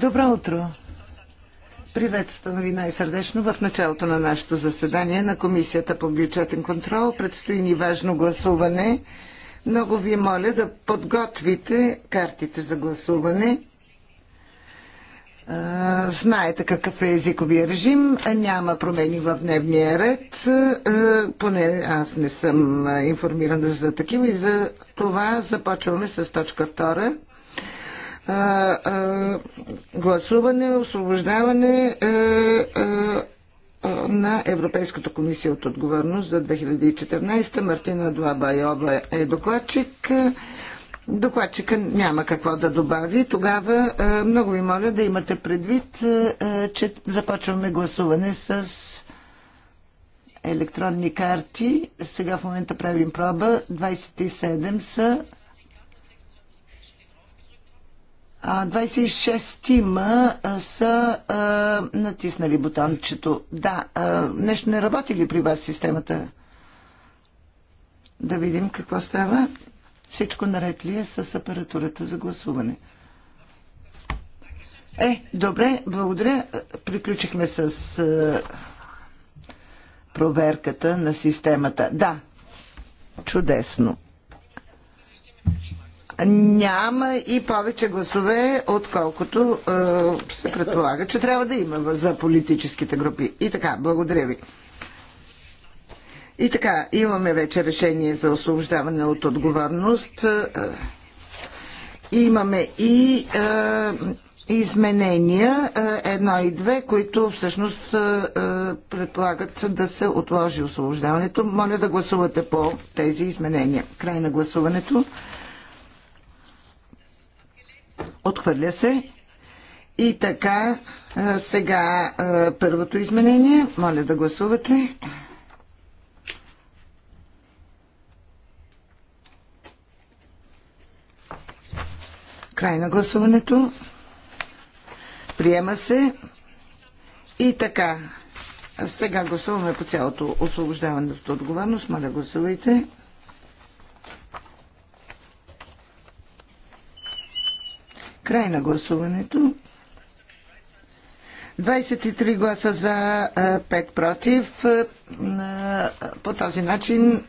Добро утро! Приветствам ви най-сърдечно в началото на нашето заседание на Комисията по бюджетен контрол. Предстои ни важно гласуване. Много ви моля да подготвите картите за гласуване. Знаете какъв е езиковия режим. Няма промени в дневния ред. Поне аз не съм информирана за такива и за това започваме с точка 2 а, а, гласуване, освобождаване а, а, на Европейската комисия от отговорност за 2014. Мартина Дуабайова е докладчик. Докладчика няма какво да добави. Тогава много ви моля да имате предвид, че започваме гласуване с електронни карти. Сега в момента правим проба. 27 са 26 тима са а, натиснали бутончето. Да, а, нещо не работи ли при вас системата? Да видим какво става. Всичко наред ли е с апаратурата за гласуване? Е, добре, благодаря. Приключихме с а, проверката на системата. Да, чудесно няма и повече гласове, отколкото е, се предполага, че трябва да има за политическите групи. И така, благодаря ви. И така, имаме вече решение за освобождаване от отговорност. Е, е, имаме и е, изменения, е, едно и две, които всъщност е, предполагат да се отложи освобождаването. Моля да гласувате по тези изменения. Край на гласуването. Отхвърля се. И така, сега първото изменение. Моля да гласувате. Край на гласуването. Приема се. И така. Сега гласуваме по цялото освобождаване от отговорност. Моля, гласувайте. Край на гласуването. 23 гласа за, 5 против. По този начин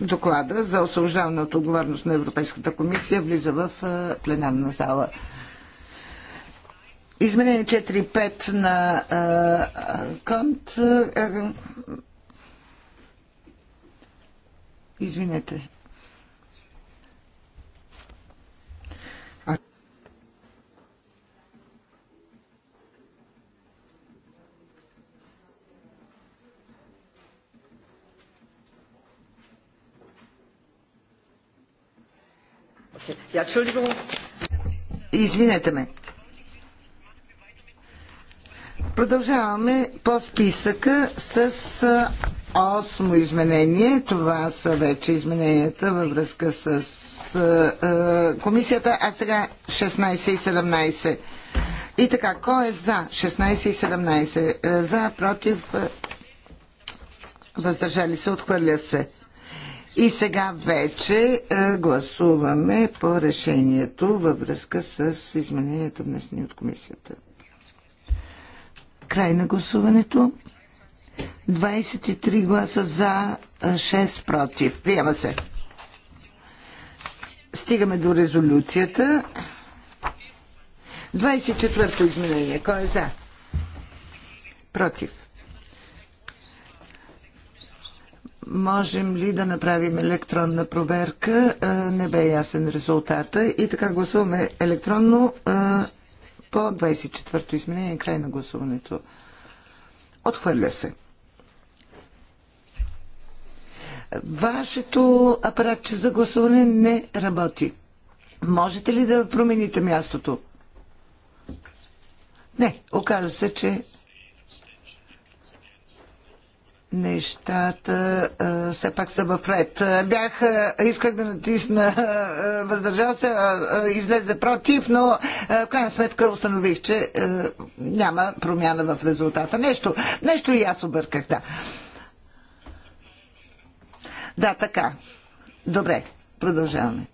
доклада за освобождаване от отговорност на Европейската комисия влиза в пленарна зала. Изменение 4.5 на Конт. Извинете. Ja, Entschuldigung. Извинете ме. Продължаваме по списъка с осмо изменение. Това са вече измененията във връзка с е, комисията, а сега 16 и 17. И така, кой е за 16 и 17? Е, за, против, е, въздържали се, отхвърля се. И сега вече е, гласуваме по решението във връзка с измененията внесени от комисията. Край на гласуването. 23 гласа за, 6 е, против. Приема се. Стигаме до резолюцията. 24-то изменение. Кой е за? Против. можем ли да направим електронна проверка. Не бе ясен резултата. И така гласуваме електронно по 24-то изменение, край на гласуването. Отхвърля се. Вашето апаратче за гласуване не работи. Можете ли да промените мястото? Не, оказа се, че нещата а, все пак са в ред. Бях, а, исках да натисна а, въздържал се, а, а, излезе против, но а, в крайна сметка установих, че а, няма промяна в резултата. Нещо, нещо и аз обърках, да. Да, така. Добре, продължаваме.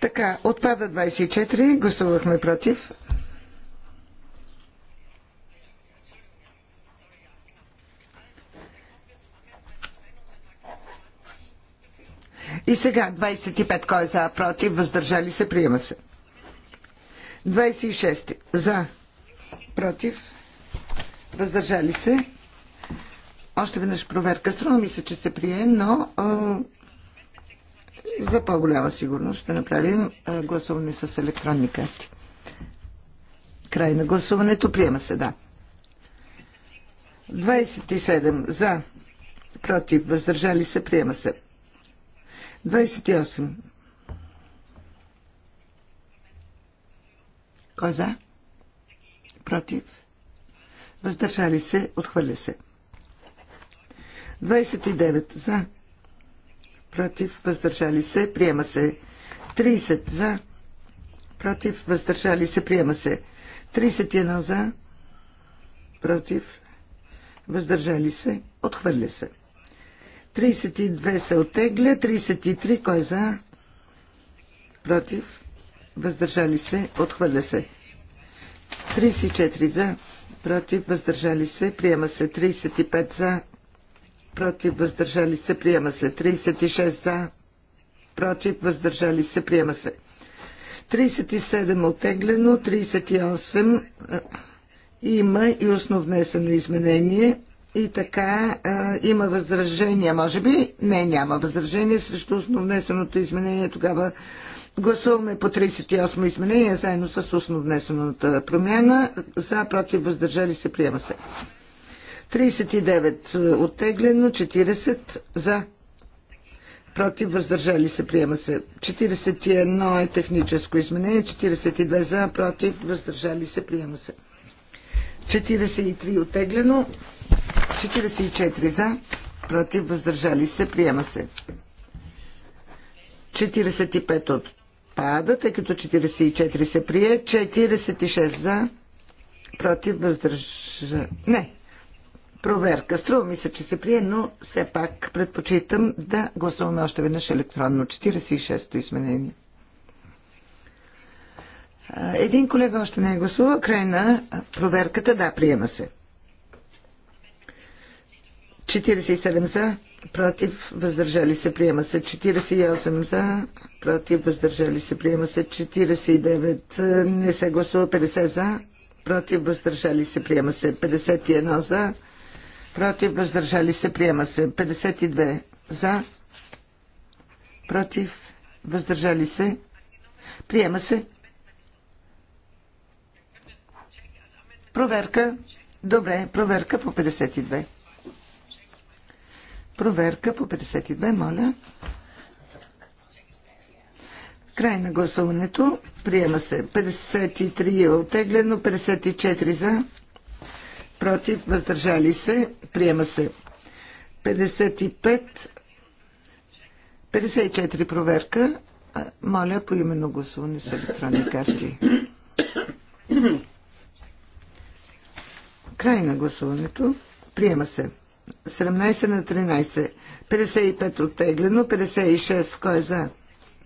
Така, отпада 24, гласувахме против. И сега 25. Кой е за, против, въздържали се, приема се. 26. За, против, въздържали се. Още веднъж проверка. Струва ми се, че се прие, но а, за по-голяма сигурност ще направим а, гласуване с електронни карти. Край на гласуването. Приема се, да. 27 за, против, въздържали се, приема се. 28. Кой е за? Против? Въздържали се? Отхвърля се. 29 за. Против? Въздържали се? Приема се. 30 за. Против? Въздържали се? Приема се. 31 за. Против? Въздържали се? Отхвърля се. 32 се отегля. 33 кой е за? Против. Въздържали се, отхвърля се. 34 за, против, въздържали се, приема се. 35 за, против, въздържали се, приема се. 36 за, против, въздържали се, приема се. 37 отеглено. 38 има и основнесено изменение – и така, а, има възражения, може би? Не, няма възражение срещу основнесеното изменение. Тогава гласуваме по 38 изменение, заедно с основнесената промяна. За, против, въздържали се, приема се. 39 оттеглено, 40 за, против, въздържали се, приема се. 41 е техническо изменение, 42 за, против, въздържали се, приема се. 43 оттеглено. 44 за. Против. Въздържали се. Приема се. 45 от пада, тъй като 44 се прие. 46 за. Против. Въздържа... Не. Проверка. Струва ми се, че се прие, но все пак предпочитам да гласуваме още веднъж електронно. 46-то изменение. Един колега още не е гласува. Край на проверката. Да, приема се. 47 за, против, въздържали се, приема се. 48 за, против, въздържали се, приема се. 49 не се гласува. 50 за, против, въздържали се, приема се. 51 за, против, въздържали се, приема се. 52 за, против, въздържали се, приема се. Проверка. Добре, проверка по 52. Проверка по 52, моля. Край на гласуването. Приема се. 53 е оттеглено, 54 за, против, въздържали се. Приема се. 55, 54 проверка. Моля по именно гласуване с електронни карти. Край на гласуването. Приема се. 17 на 13. 55 оттеглено. 56. Кой е за?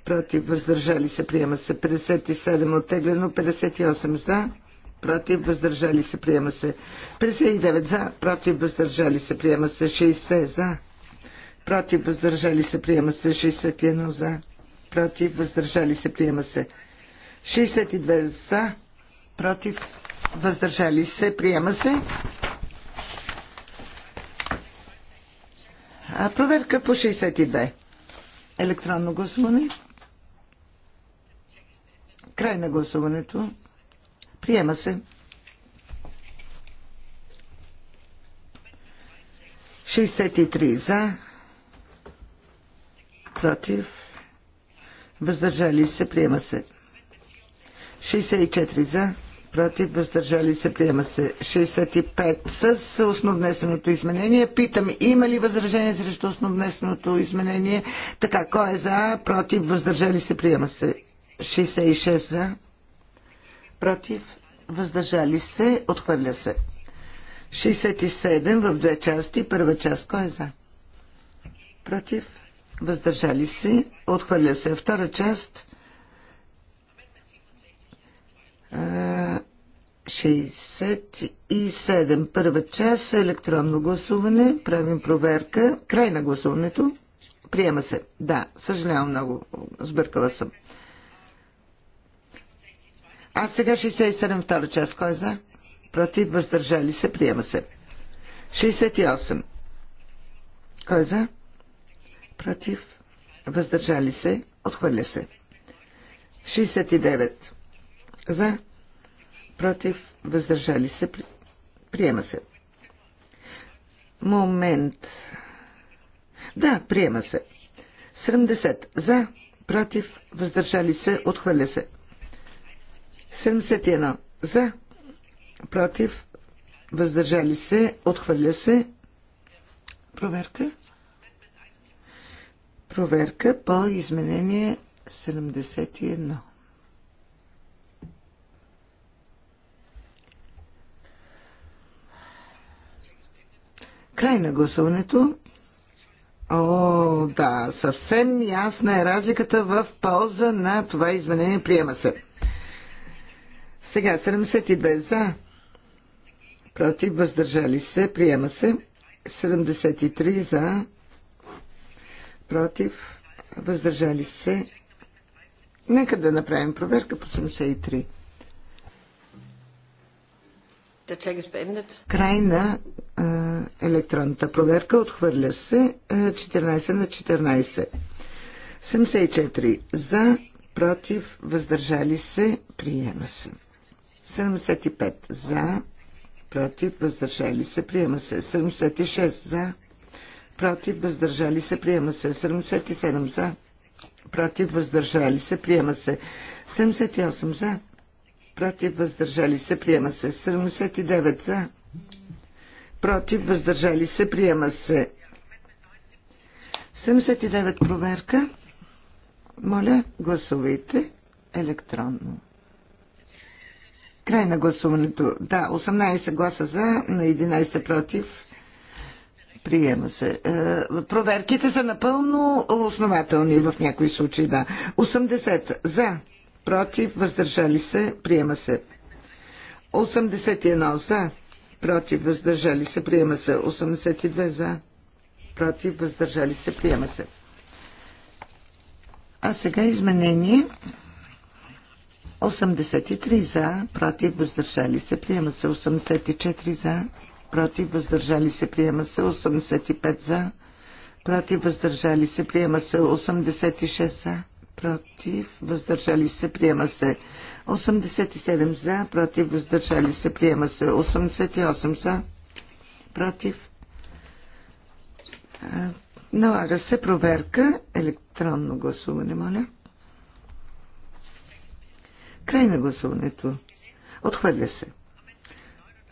Против. Въздържали се. Приема се. 57 оттеглено. 58 за. Против. Въздържали се. Приема се. 59 за. Против. Въздържали се. Приема се. 60 за. Против. Въздържали се. Приема се. 61 за. Против. Въздържали се. Приема се. 62 за. Против въздържали се, приема се. А, проверка по 62. Електронно гласуване. Край на гласуването. Приема се. 63 за. Против. Въздържали се. Приема се. 64 за против, въздържали се, приема се 65 с основнесеното изменение. Питам, има ли възражение срещу основнесеното изменение? Така, кой е за, против, въздържали се, приема се 66 за, против, въздържали се, отхвърля се. 67 в две части, първа част, кой е за? Против, въздържали се, отхвърля се. Втора част, 67. Първа част електронно гласуване. Правим проверка. Край на гласуването. Приема се. Да, съжалявам много. Сбъркала съм. А сега 67 втора част. Кой е за? Против, въздържали се. Приема се. 68. Кой е за? Против, въздържали се. Отхвърля се. 69. За? против, въздържали се, приема се. Момент. Да, приема се. 70 за, против, въздържали се, отхвърля се. 71 за, против, въздържали се, отхвърля се. Проверка. Проверка по изменение 71. Край на гласуването. О, да, съвсем ясна е разликата в полза на това изменение. Приема се. Сега 72 за, против, въздържали се, приема се. 73 за, против, въздържали се. Нека да направим проверка по 73. Край на електронната проверка. Отхвърля се 14 е, на 14. 74 за, против, въздържали се, приема се. 75 за, против, въздържали се, приема се. 76 за, против, въздържали се, приема се. 77 за, против, въздържали се, приема се. 78 за, против, въздържали се, приема се. 79 за, против, въздържали се, приема се. 79 проверка. Моля, гласувайте електронно. Край на гласуването. Да, 18 гласа за, на 11 против. Приема се. Е, проверките са напълно основателни в някои случаи, да. 80 за, против, въздържали се, приема се. 81 за, против, въздържали се, приема се. 82 за, против, въздържали се, приема се. А сега изменение. 83 за, против, въздържали се, приема се. 84 за, против, въздържали се, приема се. 85 за, против, въздържали се, приема се. 86 за, против, въздържали се, приема се. 87 за, против, въздържали се, приема се. 88 за, против. Налага се проверка, електронно гласуване, моля. Край на гласуването. Отхвърля се.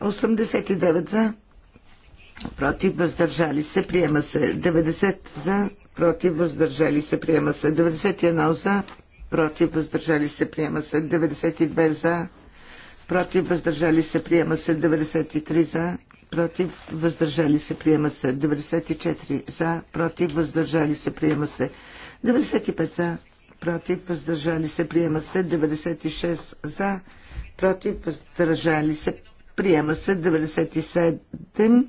89 за, против, въздържали се, приема се. 90 за, против, въздържали се, приема се. 91 за, против, въздържали се, приема се. 92 за, против, въздържали се, приема се. 93 за, против, въздържали се, приема се. 94 за, против, въздържали се, приема се. 95 за, против, въздържали се, приема се. 96 за, против, въздържали се, приема се. 97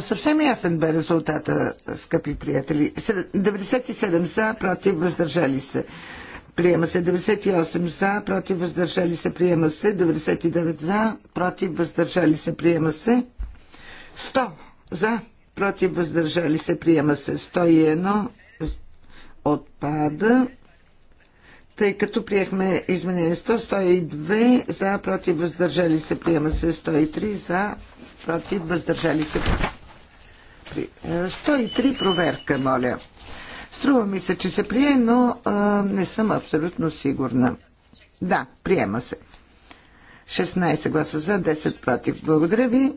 Съвсем ясен бе резултата, скъпи приятели. 97 за, против, въздържали се. Приема се 98 за, против, въздържали се, приема се. 99 за, против, въздържали се, приема се. 100 за, против, въздържали се, приема се. 101 отпада тъй като приехме изменение 100, 102 за, против, въздържали се, приема се 103 за, против, въздържали се. 103 е, проверка, моля. Струва ми се, че се прие, но а, е, не съм абсолютно сигурна. Да, приема се. 16 гласа за, 10 против. Благодаря ви.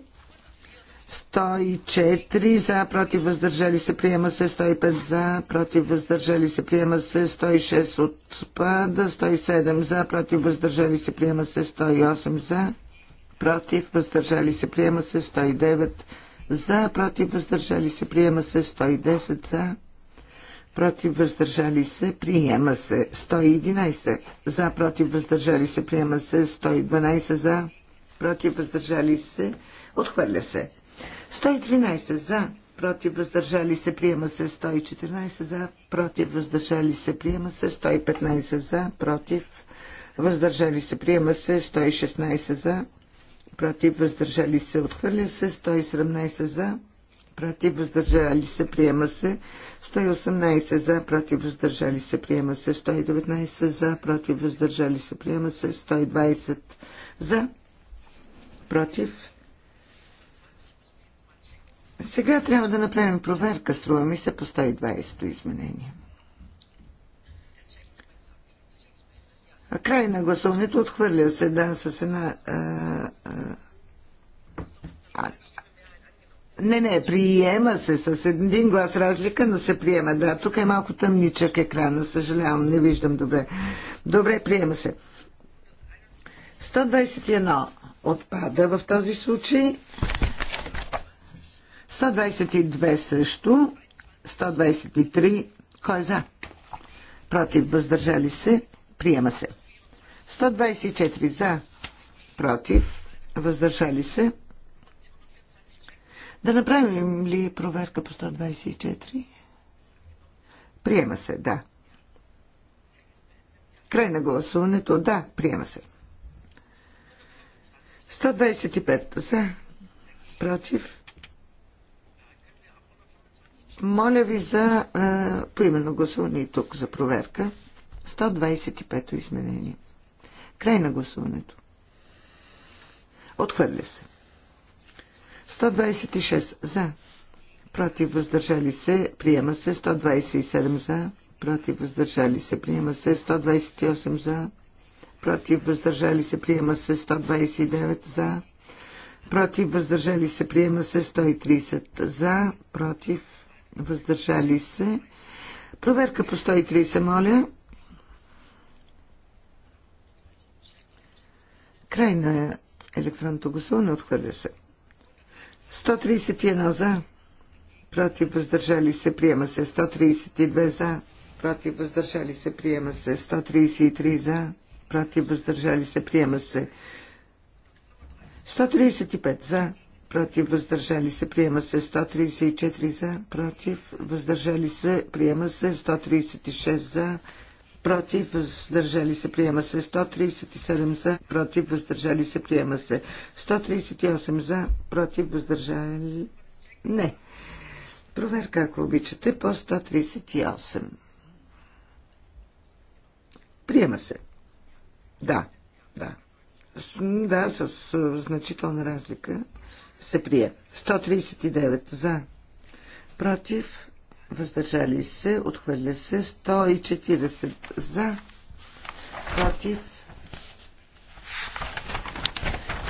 104 за, против въздържали се, приема се 105 за, против въздържали се, приема се 106 отпада, 107 за, против въздържали се, приема се 108 за, против въздържали се, приема се 109 за, против въздържали се, приема се 110 за, против въздържали се, приема се 111 за, против въздържали се, приема се 112 за, против въздържали се, отхвърля се. 113 за, против, въздържали се, приема се 114 за, против, въздържали се, приема се 115 за, против, въздържали се, приема се 116 за, против, въздържали се, отхвърля се 117 за, против, въздържали се, приема се 118 за, против, въздържали се, приема се 119 за, против, въздържали се, приема се 120 за, против, сега трябва да направим проверка, струва ми се, по 120-то изменение. А край на гласуването отхвърля се, да, с една... А, а, не, не, приема се с един глас разлика, но се приема. Да, тук е малко тъмничък екрана, съжалявам, не виждам добре. Добре, приема се. 121 отпада в този случай. 122 също. 123. Кой е за? Против. Въздържали се. Приема се. 124 за. Против. Въздържали се. Да направим ли проверка по 124? Приема се, да. Край на гласуването, да, приема се. 125 за, против, моля ви за а, е, поименно гласуване и тук за проверка. 125-то изменение. Край на гласуването. Отхвърля се. 126 за. Против въздържали се. Приема се. 127 за. Против въздържали се. Приема се. 128 за. Против въздържали се. Приема се. 129 за. Против въздържали се. Приема се. 130 за. Против въздържали се. Проверка по 130, моля. Край на електронното гласуване отхвърля се. 131 за, против въздържали се, приема се. 132 за, против въздържали се, приема се. 133 за, против въздържали се, приема се. 135 за, против, въздържали се, приема се 134 за, против, въздържали се, приема се 136 за, против, въздържали се, приема се 137 за, против, въздържали се, приема се 138 за, против, въздържали... Не. Проверка, ако обичате, по 138. Приема се. Да, да. Да, с значителна разлика се прие. 139 за. Против. Въздържали се. Отхвърля се. 140 за. Против.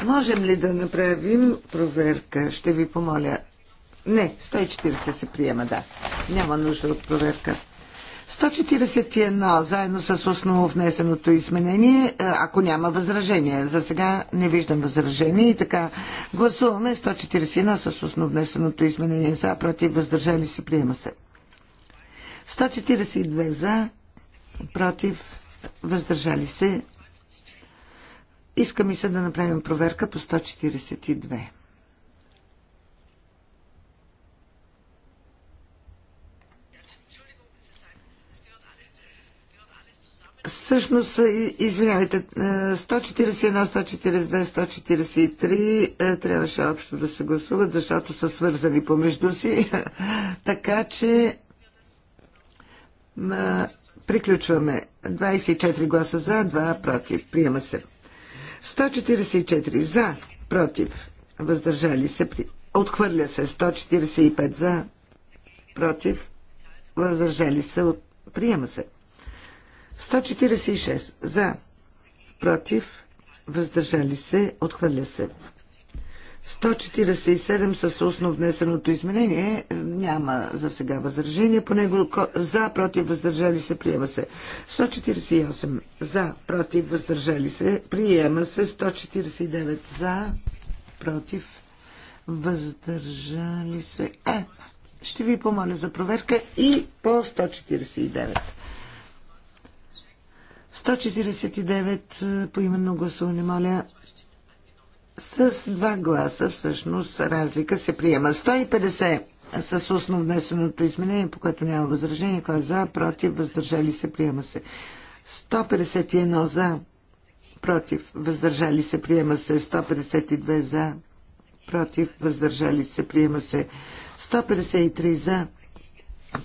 Можем ли да направим проверка? Ще ви помоля. Не, 140 се приема, да. Няма нужда от проверка. 141 заедно с основно внесеното изменение, е, ако няма възражение. За сега не виждам възражение и така гласуваме 141 с основно внесеното изменение за, против, въздържали се, приема се. 142 за, против, въздържали се. Иска ми се да направим проверка по 142. Всъщност, е, извинявайте, 141, 142, 143 трябваше общо да се гласуват, защото са свързани помежду си. така че е, приключваме. 24 гласа за, 2 против. Приема се. 144 за, против. Въздържали се. При... Отхвърля се. 145 за, против. Въздържали се. От... Приема се. 146 за, против, въздържали се, отхвърля се. 147 с устно внесеното изменение. Няма за сега възражение. По него за, против, въздържали се, приема се. 148 за, против, въздържали се, приема се. 149 за, против, въздържали се. Е, ще ви помоля за проверка и по 149. 149 по именно гласуване, моля. С два гласа всъщност разлика се приема. 150 е, с устно внесеното изменение, по което няма възражение. Кой е за, против, въздържали се, приема се. 151 за, против, въздържали се, приема се. 152 за, против, въздържали се, приема се. 153 за,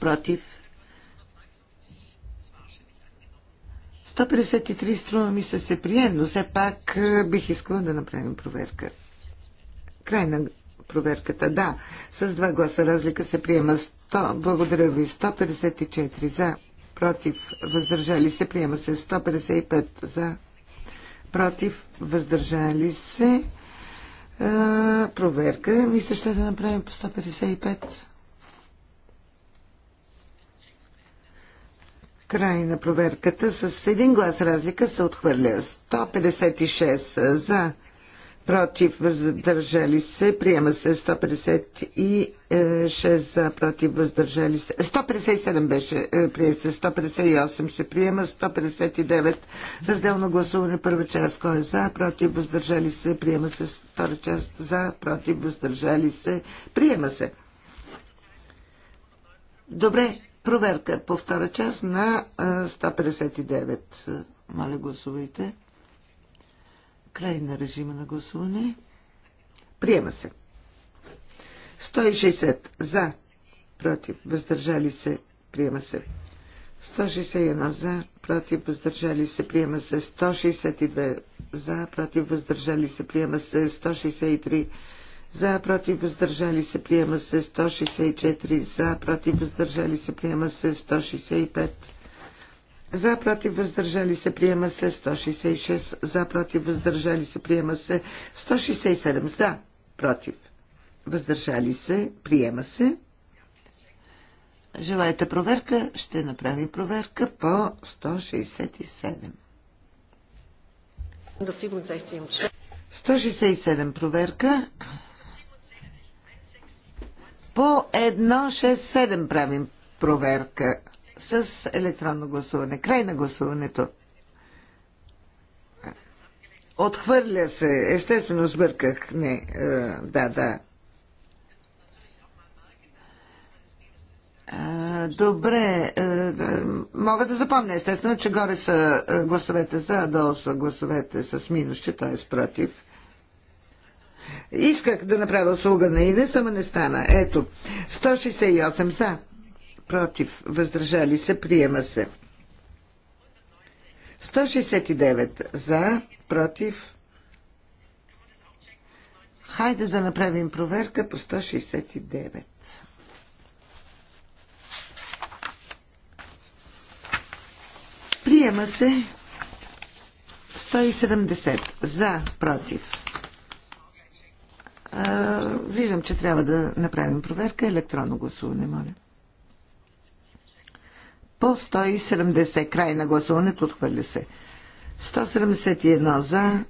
против, 153 струва ми се се прие, но все пак е, бих искала да направим проверка. Край на проверката, да. С два гласа разлика се приема 100. Благодаря ви. 154 за. Против. Въздържали се. Приема се 155 за. Против. Въздържали се. А, е, проверка. Мисля, ще да направим по 155. Край на проверката с един глас разлика се отхвърля. 156 за, против, въздържали се, приема се 156 за, против, въздържали се. 157 беше, е, прие се, 158 се приема, 159 разделно гласуване, първа част, кой е за, против, въздържали се, приема се, втора част, за, против, въздържали се, приема се. Добре, Проверка по втора част на 159. Моля, гласувайте. Край на режима на гласуване. Приема се. 160 за, против, въздържали се, приема се. 161 за, против, въздържали се, приема се. 162 за, против, въздържали се, приема се. 163 за, против, въздържали се, приема се 164, за, против, въздържали се, приема се 165, за, против, въздържали се, приема се 166, за, против, въздържали се, приема се 167, за, против, въздържали се, приема се. Желаете проверка? Ще направим проверка по 167. 167 проверка. По едно 6-седем правим проверка с електронно гласуване. Край на гласуването. Отхвърля се. Естествено сбърках. Не, е, да, да. Е, добре, е, мога да запомня естествено, че горе са гласовете за, а долу са гласовете с минус, че е против. Исках да направя услуга на Инес, ама не стана. Ето, 168 за, против, въздържали се, приема се. 169 за, против. Хайде да направим проверка по 169. Приема се 170 за, против. Виждам, че трябва да направим проверка. Електронно гласуване, моля. По 170, край на гласуването, отхвърля се. 171 за.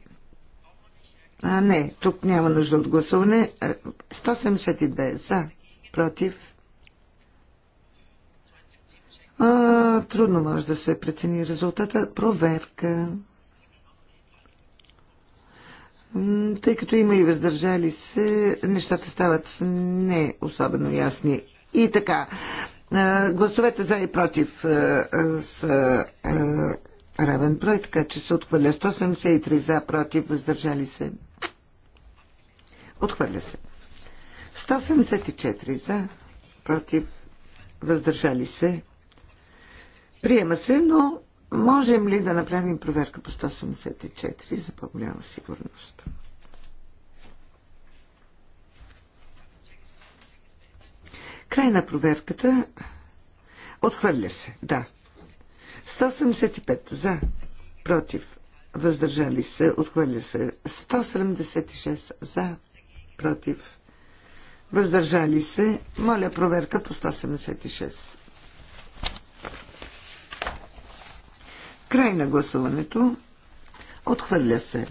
А, не, тук няма нужда от гласуване. 172 за. Против. А, трудно може да се прецени резултата. Проверка. Тъй като има и въздържали се, нещата стават не особено ясни. И така, гласовете за и против са равен брой, така че се отхвърля 173 за, против, въздържали се. Отхвърля се. 174 за, против, въздържали се. Приема се, но Можем ли да направим проверка по 174 за по-голяма сигурност? Край на проверката. Отхвърля се, да. 175 за, против, въздържали се, отхвърля се. 176 за, против, въздържали се. Моля проверка по 176. Край на гласуването. Отхвърля се.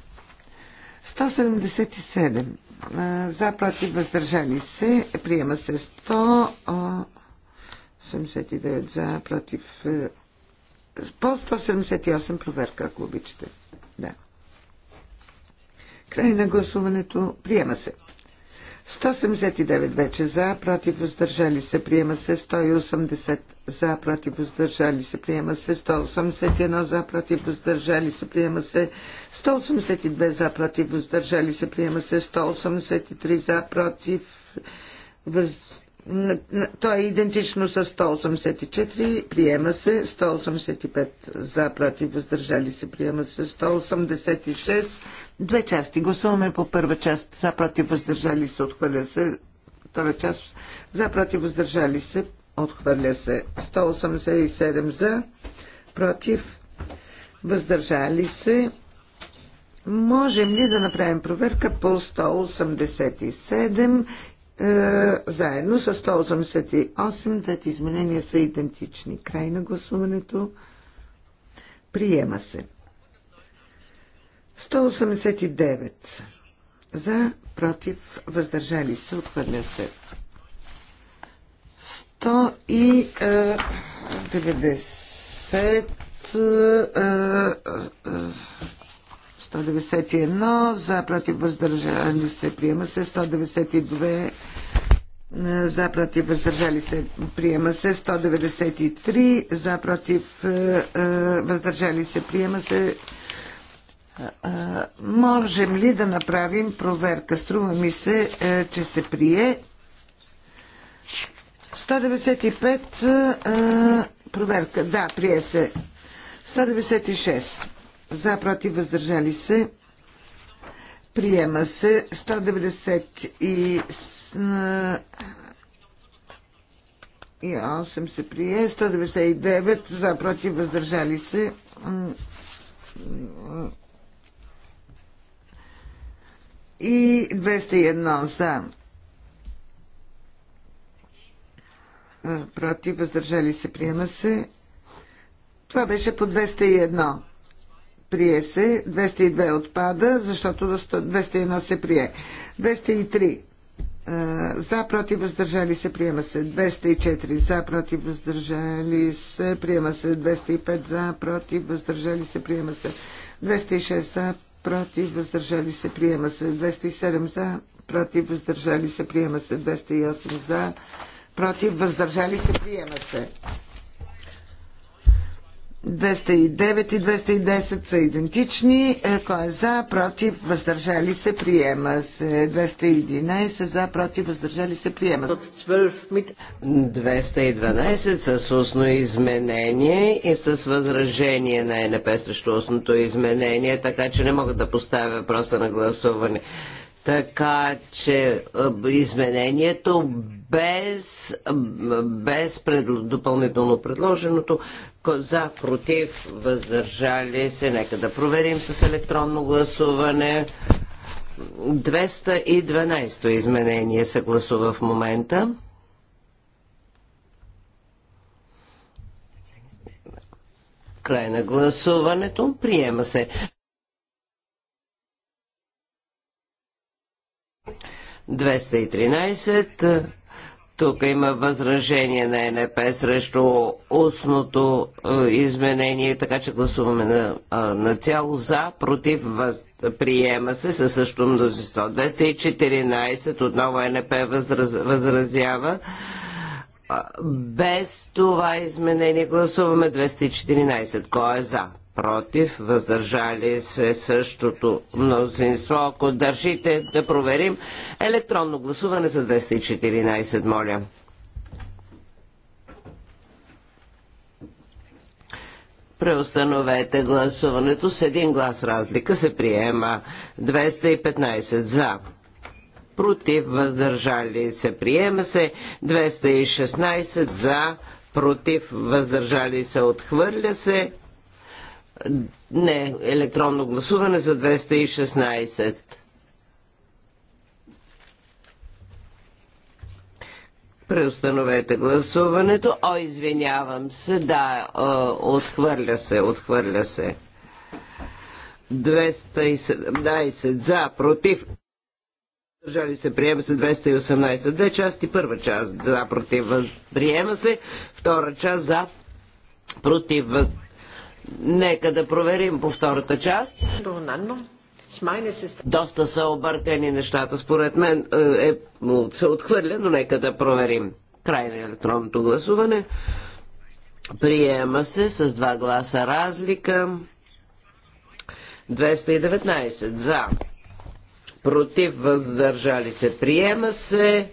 177. За, против, въздържали се. Приема се 179 за, против. По 178 проверка, ако обичате. Да. Край на гласуването. Приема се. 179 вече за, против въздържали се, приема се 180 за, против въздържали се, приема се 181 за, против въздържали се, приема се 182 за, против въздържали се, приема се 183 за, против въздържали то е идентично с 184, приема се 185 за, против, въздържали се, приема се 186. Две части. Гласуваме по първа част за, против, въздържали се, отхвърля се. Втора част за, против, въздържали се, отхвърля се. 187 за, против, въздържали се. Можем ли да направим проверка по 187 е, заедно с 188. Двете изменения са идентични. Край на гласуването. Приема се. 189. За, против, въздържали се, отхвърля се. 190 191 за против въздържали се приема се 192 за против въздържали се приема се 193 за против е, е, въздържали се приема се е, можем ли да направим проверка струва ми се че се прие 195 проверка да прие се 196 за, против, въздържали се. Приема се 190 и 8 се прие, 199 за, против, въздържали се. И 201 за. Против, въздържали се, приема се. Това беше по 201 прие се, 202 отпада, защото 201 се прие. 203 е, за, против, въздържали се, приема се 204, за, против, въздържали се, приема се 205, за, против, въздържали се, приема се 206, за, против, въздържали се, приема се 207, за, против, въздържали се, приема се 208, за, против, въздържали се, приема се 209 и 210 са идентични. Е, кой е за, против, въздържали се, приема се. 211 за, против, въздържали се, приема се. 212 с устно изменение и с възражение на ЕНП срещу устното изменение, така че не мога да поставя въпроса на гласуване. Така че е, изменението без, е, без пред, допълнително предложеното за, против, въздържали се. Нека да проверим с електронно гласуване. 212 то изменение се гласува в момента. Край на гласуването. Приема се. Двеста и тринайсет. Тук има възражение на НП срещу устното е, изменение, така че гласуваме на, на цяло за, против, въз, приема се със същото мнозинство. 214 отново НП възраз, възразява. Без това изменение гласуваме 214. Кой е за? против, въздържали се същото мнозинство. Ако държите да проверим електронно гласуване за 214, моля. Преустановете гласуването с един глас разлика се приема 215 за. Против въздържали се приема се 216 за. Против въздържали се отхвърля се не, електронно гласуване за 216. Преустановете гласуването. О, извинявам се, да, отхвърля се, отхвърля се. 217 за, против. Държали се, приема се 218. Две части, първа част за, против, приема се. Втора част за, против, Нека да проверим по втората част. Доста са объркани нещата. Според мен е, е, се отхвърля, но нека да проверим. Край на електронното гласуване. Приема се с два гласа разлика. 219 за. Против въздържали се. Приема се.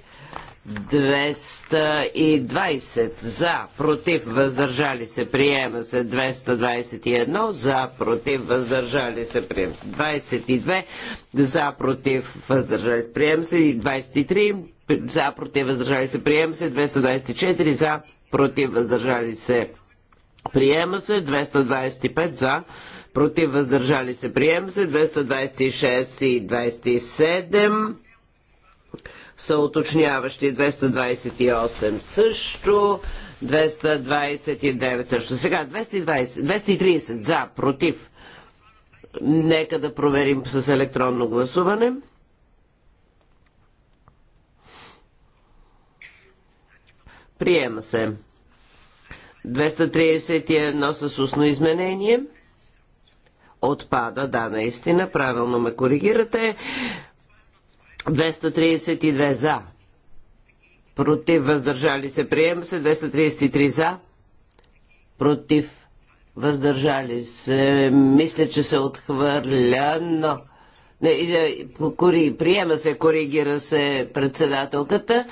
220 за, против, въздържали се, приема се 221 за, против, въздържали се, приема се 22 за, против, въздържали се, приема се 23 за, против, въздържали се, приема се 224 за, против, въздържали се, приема се 225 за, против, въздържали се, приема се 226 и 27 са уточняващи 228 също, 229 също. Сега 220, 230 за, против. Нека да проверим с електронно гласуване. Приема се. 231 с устно изменение. Отпада, да, наистина, правилно ме коригирате. 232 за. Против въздържали се. Приема се 233 за. Против въздържали се. Мисля, че се отхвърля, но... Не, е, кори, приема се, коригира се председателката.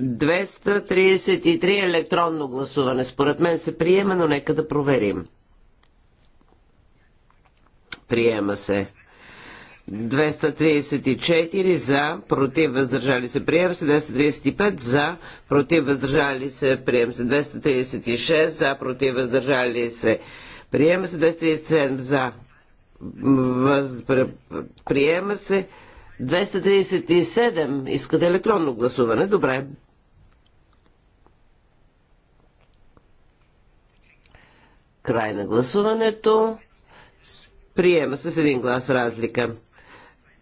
233 електронно гласуване. Според мен се приема, но нека да проверим. Приема се. 234 за, против, въздържали се, прием се. 235 за, против, въздържали се, прием се. 236 за, против, въздържали се, прием се. 237 за, въз... приема се. 237 искат електронно гласуване. Добре. Край на гласуването. Приема се с един глас разлика.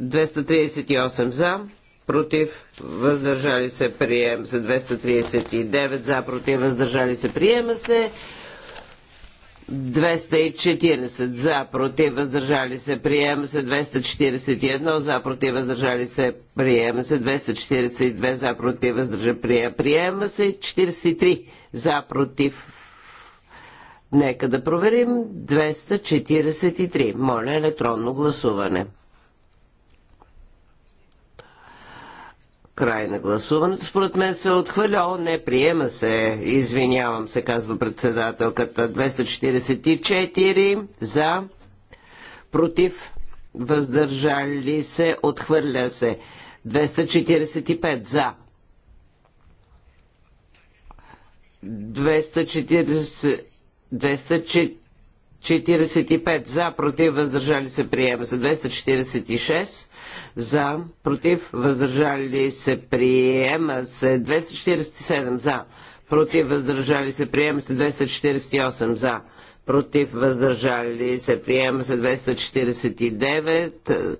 238 за, против, въздържали се, приема се. 239 за, против, въздържали се, приема се. 240 за, против, въздържали се, приема се 241 за, против, въздържали се, приема се 242 за, против, въздържа, приема, приема се 43 за, против. Нека да проверим 243. Моля електронно гласуване. Край на гласуването. Според мен се е отхвърля. О, не, приема се. Извинявам се, казва председателката. 244 за. Против. Въздържали се. Отхвърля се. 245 за. 240... 240... 45 за, против, въздържали се, приема се. 246 за, против, въздържали се, приема се. 247 за, против, въздържали се, приема се. 248 за, против, въздържали се, приема се. 249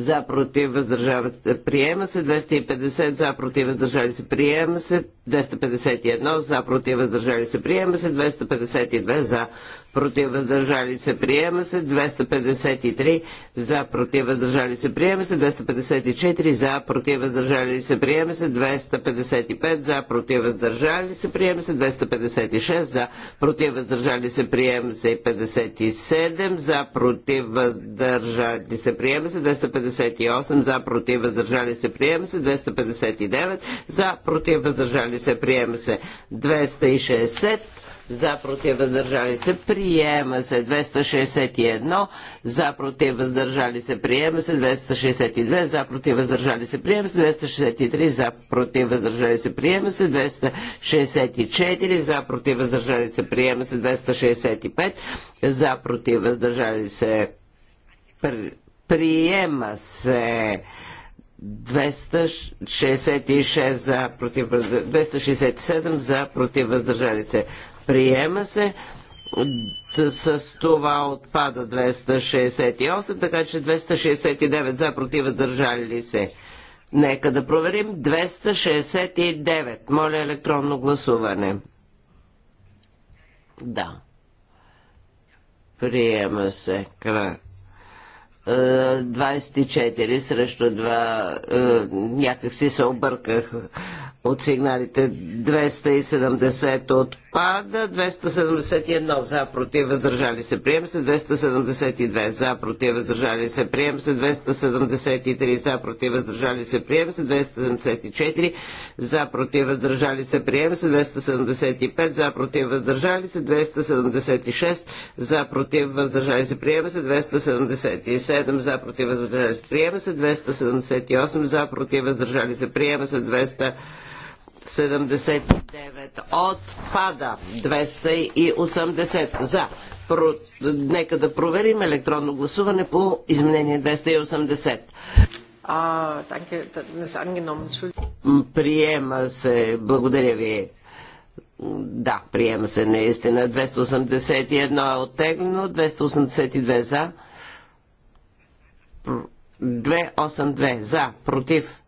за против въздържава се, приема се, 250 за против въздържали се, приема се, 251 за против въздържали се, приема се, 252 за против въздържали се, приема се, 253 за против въздържали се, приема се, 254 за против въздържали се, приема се, 255 за против въздържали се, приема се, 256 за против въздържали се, приема се, 57 за против въздържали се, приема се, 258 за против въздържали се приема се, 259 за против въздържали се приема се, 260 за против въздържали се приема се 261 за против въздържали се приема се 262 за против въздържали се приема се 263 за против въздържали се приема се 264 за против въздържали се приема се 265 за против въздържали се Приема се 266 за против, 267 за против въздържали се. Приема се с това отпада 268, така че 269 за против въздържали се. Нека да проверим 269. Моля електронно гласуване. Да. Приема се. Край. 24 срещу 2. Е, някакси се обърках от сигналите. 270 отпада, 271 за против въздържали се прием се, 272 за против въздържали се прием се, 273 за против въздържали се прием се, 274 за против въздържали се прием се, 275 за против въздържали се, 276 за против въздържали се прием се, 277 за против въздържали се прием се, 278 за против въздържали се прием се, 200 79 отпада. 280 за. Про... Нека да проверим електронно гласуване по изменение 280. Приема се. Благодаря ви. Да, приема се наистина. 281 е оттеглено, 282 за. 282 за, против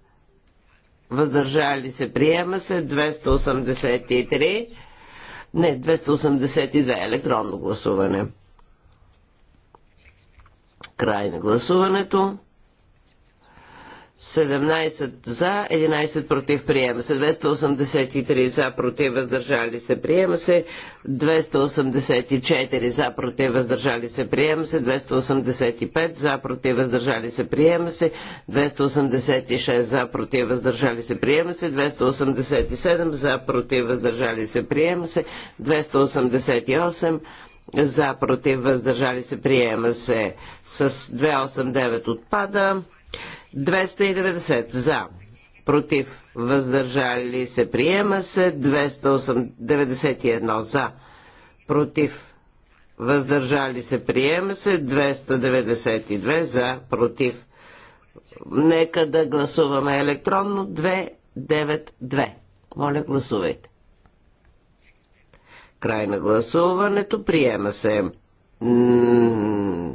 въздържали се, приема се 283, не, 282 електронно гласуване. Край на гласуването. 17 за, 11 против приема се, 283 за, против въздържали се, приема се, 284 за, против въздържали се, приема се, 285 за, против въздържали се, приема се, 286 за, против въздържали се, приема се, 287 за, против въздържали се, приема се, 288 за, против въздържали се, приема се, с 289 отпада, 290 за, против, въздържали се, приема се, 291 за, против, въздържали се, приема се, 292 за, против. Нека да гласуваме електронно 292. Моля, гласувайте. Край на гласуването, приема се. М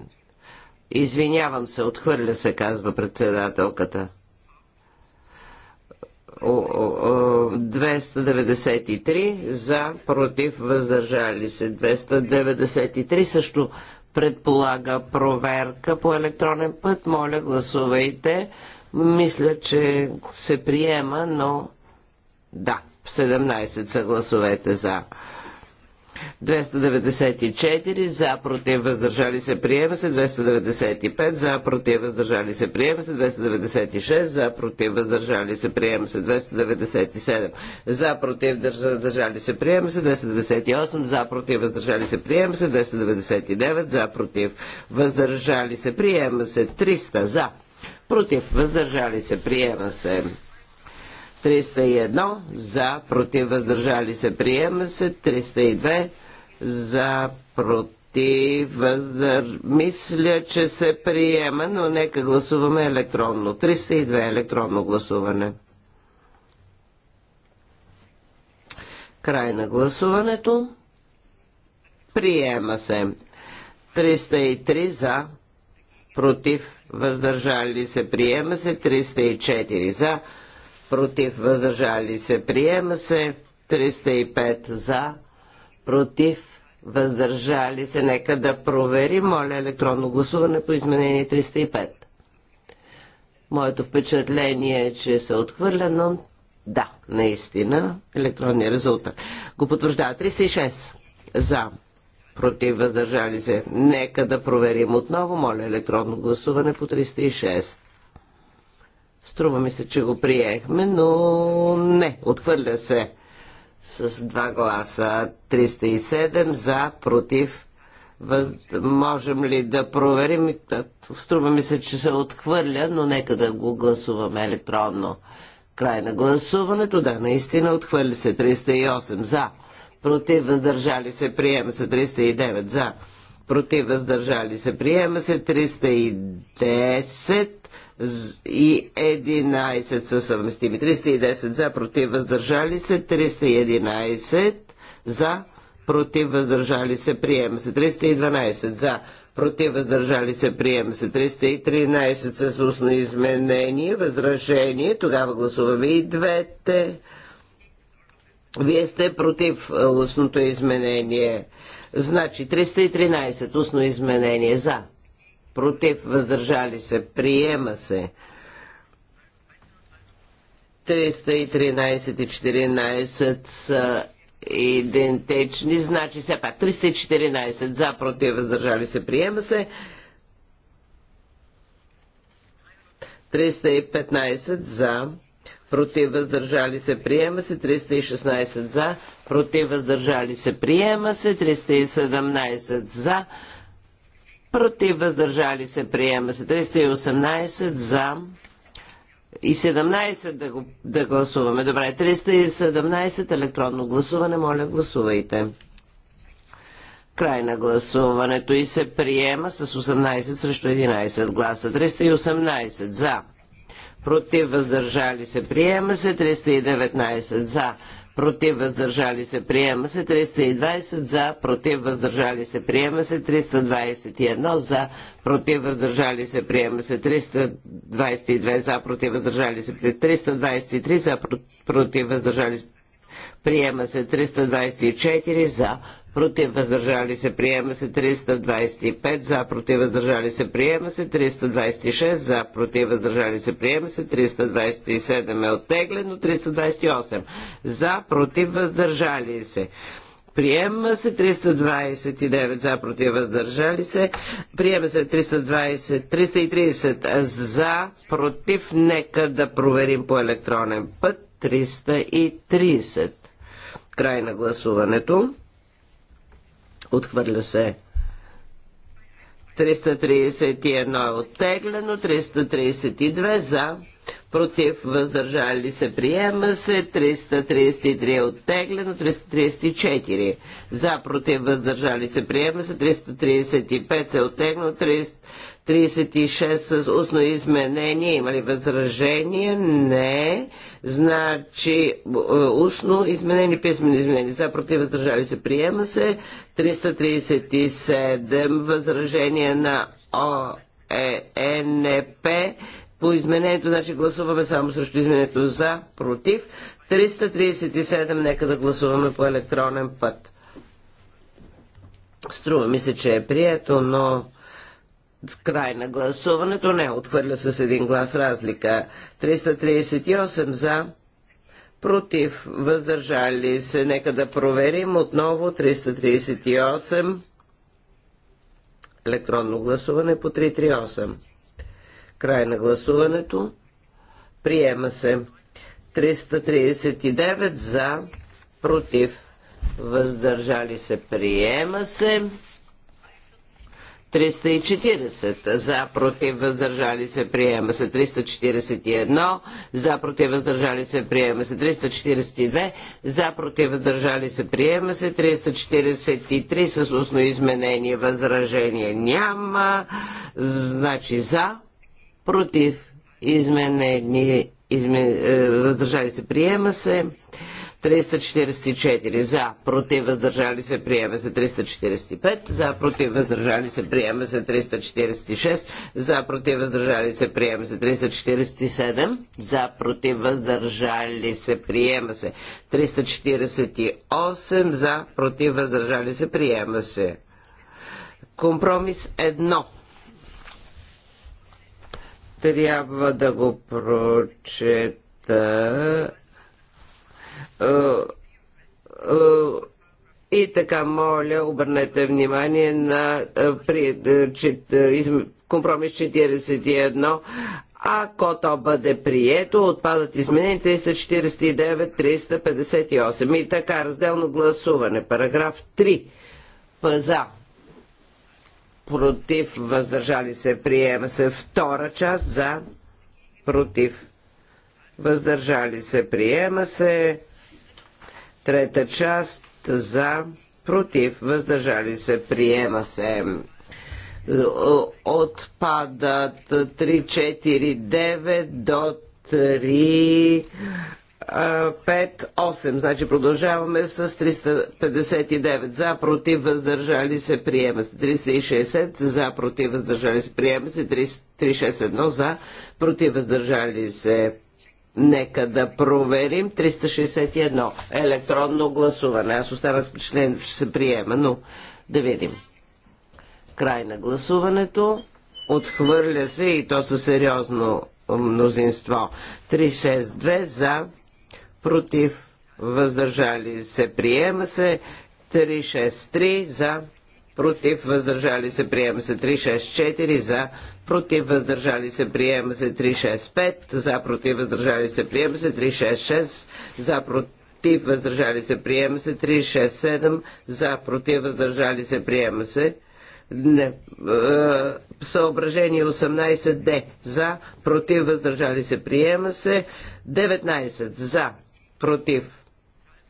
Извинявам се, отхвърля се, казва председателката. 293 за, против, въздържали се. 293 също предполага проверка по електронен път. Моля, гласувайте. Мисля, че се приема, но да, 17 са гласовете за. 294 за против въздържали се приема се 295 за против въздържали се приема се 296 за против въздържали се приема се 297 за против въздържали се приема се 298 за против въздържали се приема се 299 за против въздържали се приема се 300 за против въздържали се приема се 301 за, против, въздържали се, приема се. 302 за, против, въздър... Мисля, че се приема, но нека гласуваме електронно. 302 електронно гласуване. Край на гласуването. Приема се. 303 за, против, въздържали се, приема се. 304 за, против, въздържали се, приема се. 305 за, против, въздържали се. Нека да проверим. Моля електронно гласуване по изменение 305. Моето впечатление е, че се отхвърля, но да, наистина, електронният резултат го потвърждава. 306 за, против, въздържали се. Нека да проверим отново. Моля електронно гласуване по 306. Струва ми се, че го приехме, но не, отхвърля се с два гласа. 307 за, против. Въз... Можем ли да проверим? Струва ми се, че се отхвърля, но нека да го гласуваме електронно. Край на гласуването, да, наистина отхвърли се 308 за, против въздържали се, приема се 309 за, против въздържали се, приема се 310 и 11 са съвместими. 310 за, против, въздържали се. 311 за, против, въздържали се, приема се. 312 за, против, въздържали се, приема се. 313 с устно изменение, възражение. Тогава гласуваме и двете. Вие сте против е, устното изменение. Значи 313 устно изменение за против, въздържали се, приема се. 313 и 14 са идентични, значи все пак 314 за, против, въздържали се, приема се. 315 за, против въздържали се приема се, 316 за, против въздържали се приема се, 317 за, против въздържали се, приема се 318 за и 17 да, го, да гласуваме. Добре, 317 електронно гласуване, моля гласувайте. Край на гласуването и се приема с 18 срещу 11 гласа. 318 за. Против въздържали се. Приема се 319 за против въздържали се, приема се 320 за, против въздържали се, приема се 321 за, против въздържали се, приема се 322 за, против въздържали се, 323 за, против въздържали се, приема се 324 за, против въздържали се, приема се 325, за против въздържали се, приема се 326, за против въздържали се, приема се 327 е оттеглено, 328, за против въздържали се. Приема се 329 за против въздържали се. Приема се 320, 330 за против. Нека да проверим по електронен път. 330. Край на гласуването. Отхвърля се. 331 е оттеглено, 332 за, против въздържали се приема се, 333 е оттеглено, 334 за, против въздържали се приема се, 335 се е оттеглено, 300... 36 с устно изменение. Има ли възражение? Не. Значи е, устно изменени, писмено изменени. За против въздържали се. Приема се. 337 възражение на ОЕНП. Е по изменението, значи гласуваме само срещу изменението за, против. 337, нека да гласуваме по електронен път. Струва ми се, че е прието, но с край на гласуването не отхвърля с един глас разлика. 338 за, против, въздържали се. Нека да проверим отново 338. Електронно гласуване по 338. Край на гласуването. Приема се. 339 за, против, въздържали се. Приема се. 340 за против въздържали се приема се 341 за против въздържали се приема се 342 за против въздържали се приема се 343 с устно изменение възражение няма значи за против изменение измен... Е, въздържали се приема се 344 за, против, въздържали се, приема се 345, за, против, въздържали се, приема се 346, за, против, въздържали се, приема се 347, за, против, въздържали се, приема се 348, за, против, въздържали се, приема се. Компромис 1 трябва да го прочета. Е, е, и така, моля, обърнете внимание на е, компромис 41. Ако то бъде прието, отпадат измени 349, 358. И така, разделно гласуване. Параграф 3. Паза. Против, въздържали се, приема се. Втора част за. Против. Въздържали се, приема се. Трета част за, против, въздържали се, приема се. Отпадат 349 до 3. 5-8. Значи продължаваме с 359 за, против, въздържали се, приема се. 360 за, против, въздържали се, приема се. 361 за, против, въздържали се, Нека да проверим 361 електронно гласуване. Аз останах с впечатлението, че се приема, но да видим. Край на гласуването. Отхвърля се и то със сериозно мнозинство. 362 за, против, въздържали се, приема се. 363 за, против, въздържали се, приема се 364, за, против, въздържали се, приема се 365, за, против, въздържали се, приема се 366, за, против, въздържали се, приема се 367, за, против, въздържали се, приема се не, е, съображение 18D за, против, въздържали се, приема се, 19 за, против,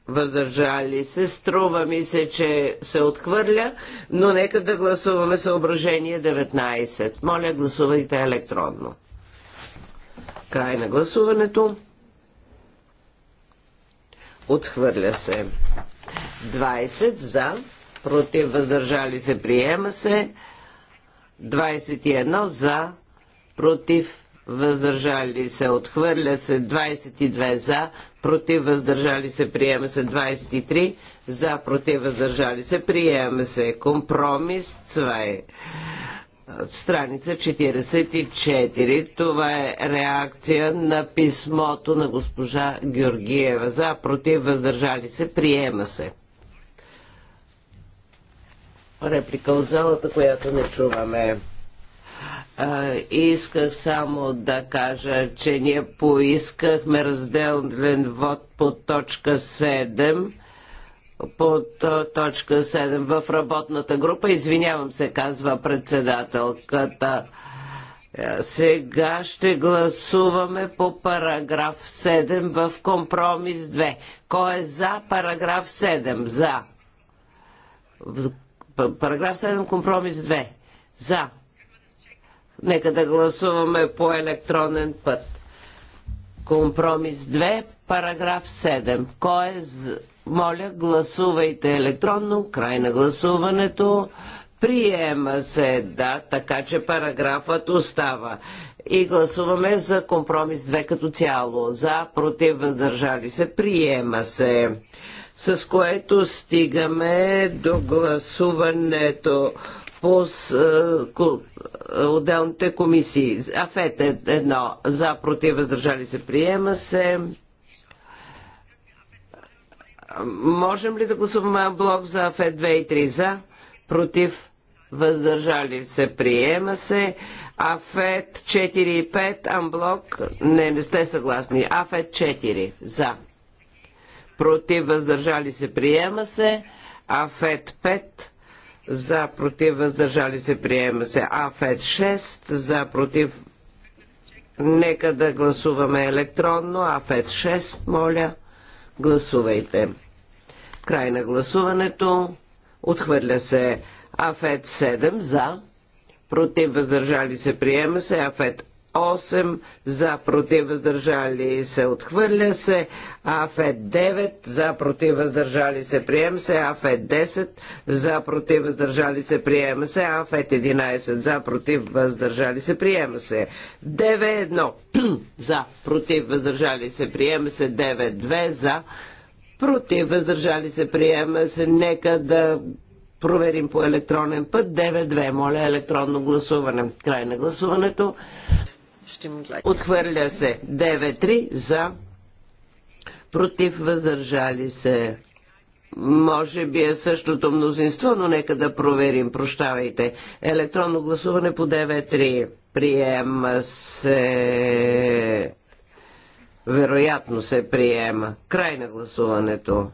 въздържали се. Струва ми се, че се отхвърля, но нека да гласуваме съображение 19. Моля, гласувайте електронно. Край на гласуването. Отхвърля се. 20 за, против въздържали се, приема се. 21 за, против въздържали се, отхвърля се 22 за, против въздържали се, приема се 23 за, против въздържали се, приема се компромис Това е страница 44. Това е реакция на писмото на госпожа Георгиева. За, против, въздържали се, приема се. Реплика от залата, която не чуваме исках само да кажа, че ние поискахме разделен вод по точка 7 по точка 7 в работната група. Извинявам се, казва председателката. Сега ще гласуваме по параграф 7 в компромис 2. Кой е за параграф 7? За. Параграф 7 компромис 2. За. Нека да гласуваме по електронен път. Компромис 2, параграф 7. Кой е Моля, гласувайте електронно. Край на гласуването. Приема се, да, така че параграфът остава. И гласуваме за компромис 2 като цяло. За, против, въздържали се. Приема се. С което стигаме до гласуването по е, е, отделните комисии. Афет е едно. За, против, въздържали се, приема се. Можем ли да гласуваме блок за Афет 2 и 3 за? Против, въздържали се, приема се. Афет 4 и 5, амблок, не, не сте съгласни. Афет 4, за. Против, въздържали се, приема се. Афет 5, за против въздържали се приема се. АФЕД 6 за против. Нека да гласуваме електронно. АФЕД 6, моля, гласувайте. Край на гласуването. Отхвърля се АФЕД 7 за. Против въздържали се приема се. АФЕД 8 за против въздържали се отхвърля се, АФ 9 за против въздържали се приема се, АФ 10 за против въздържали се приема се, АФ 11 за против въздържали се приема се, 9-1 за против въздържали се приема се, 9-2 за против въздържали се приема се, нека да проверим по електронен път 9-2. Моля електронно гласуване. Край на гласуването. Отхвърля се. 9-3 за. Против въздържали се. Може би е същото мнозинство, но нека да проверим. Прощавайте. Електронно гласуване по 9-3. Приема се. Вероятно се приема. Край на гласуването.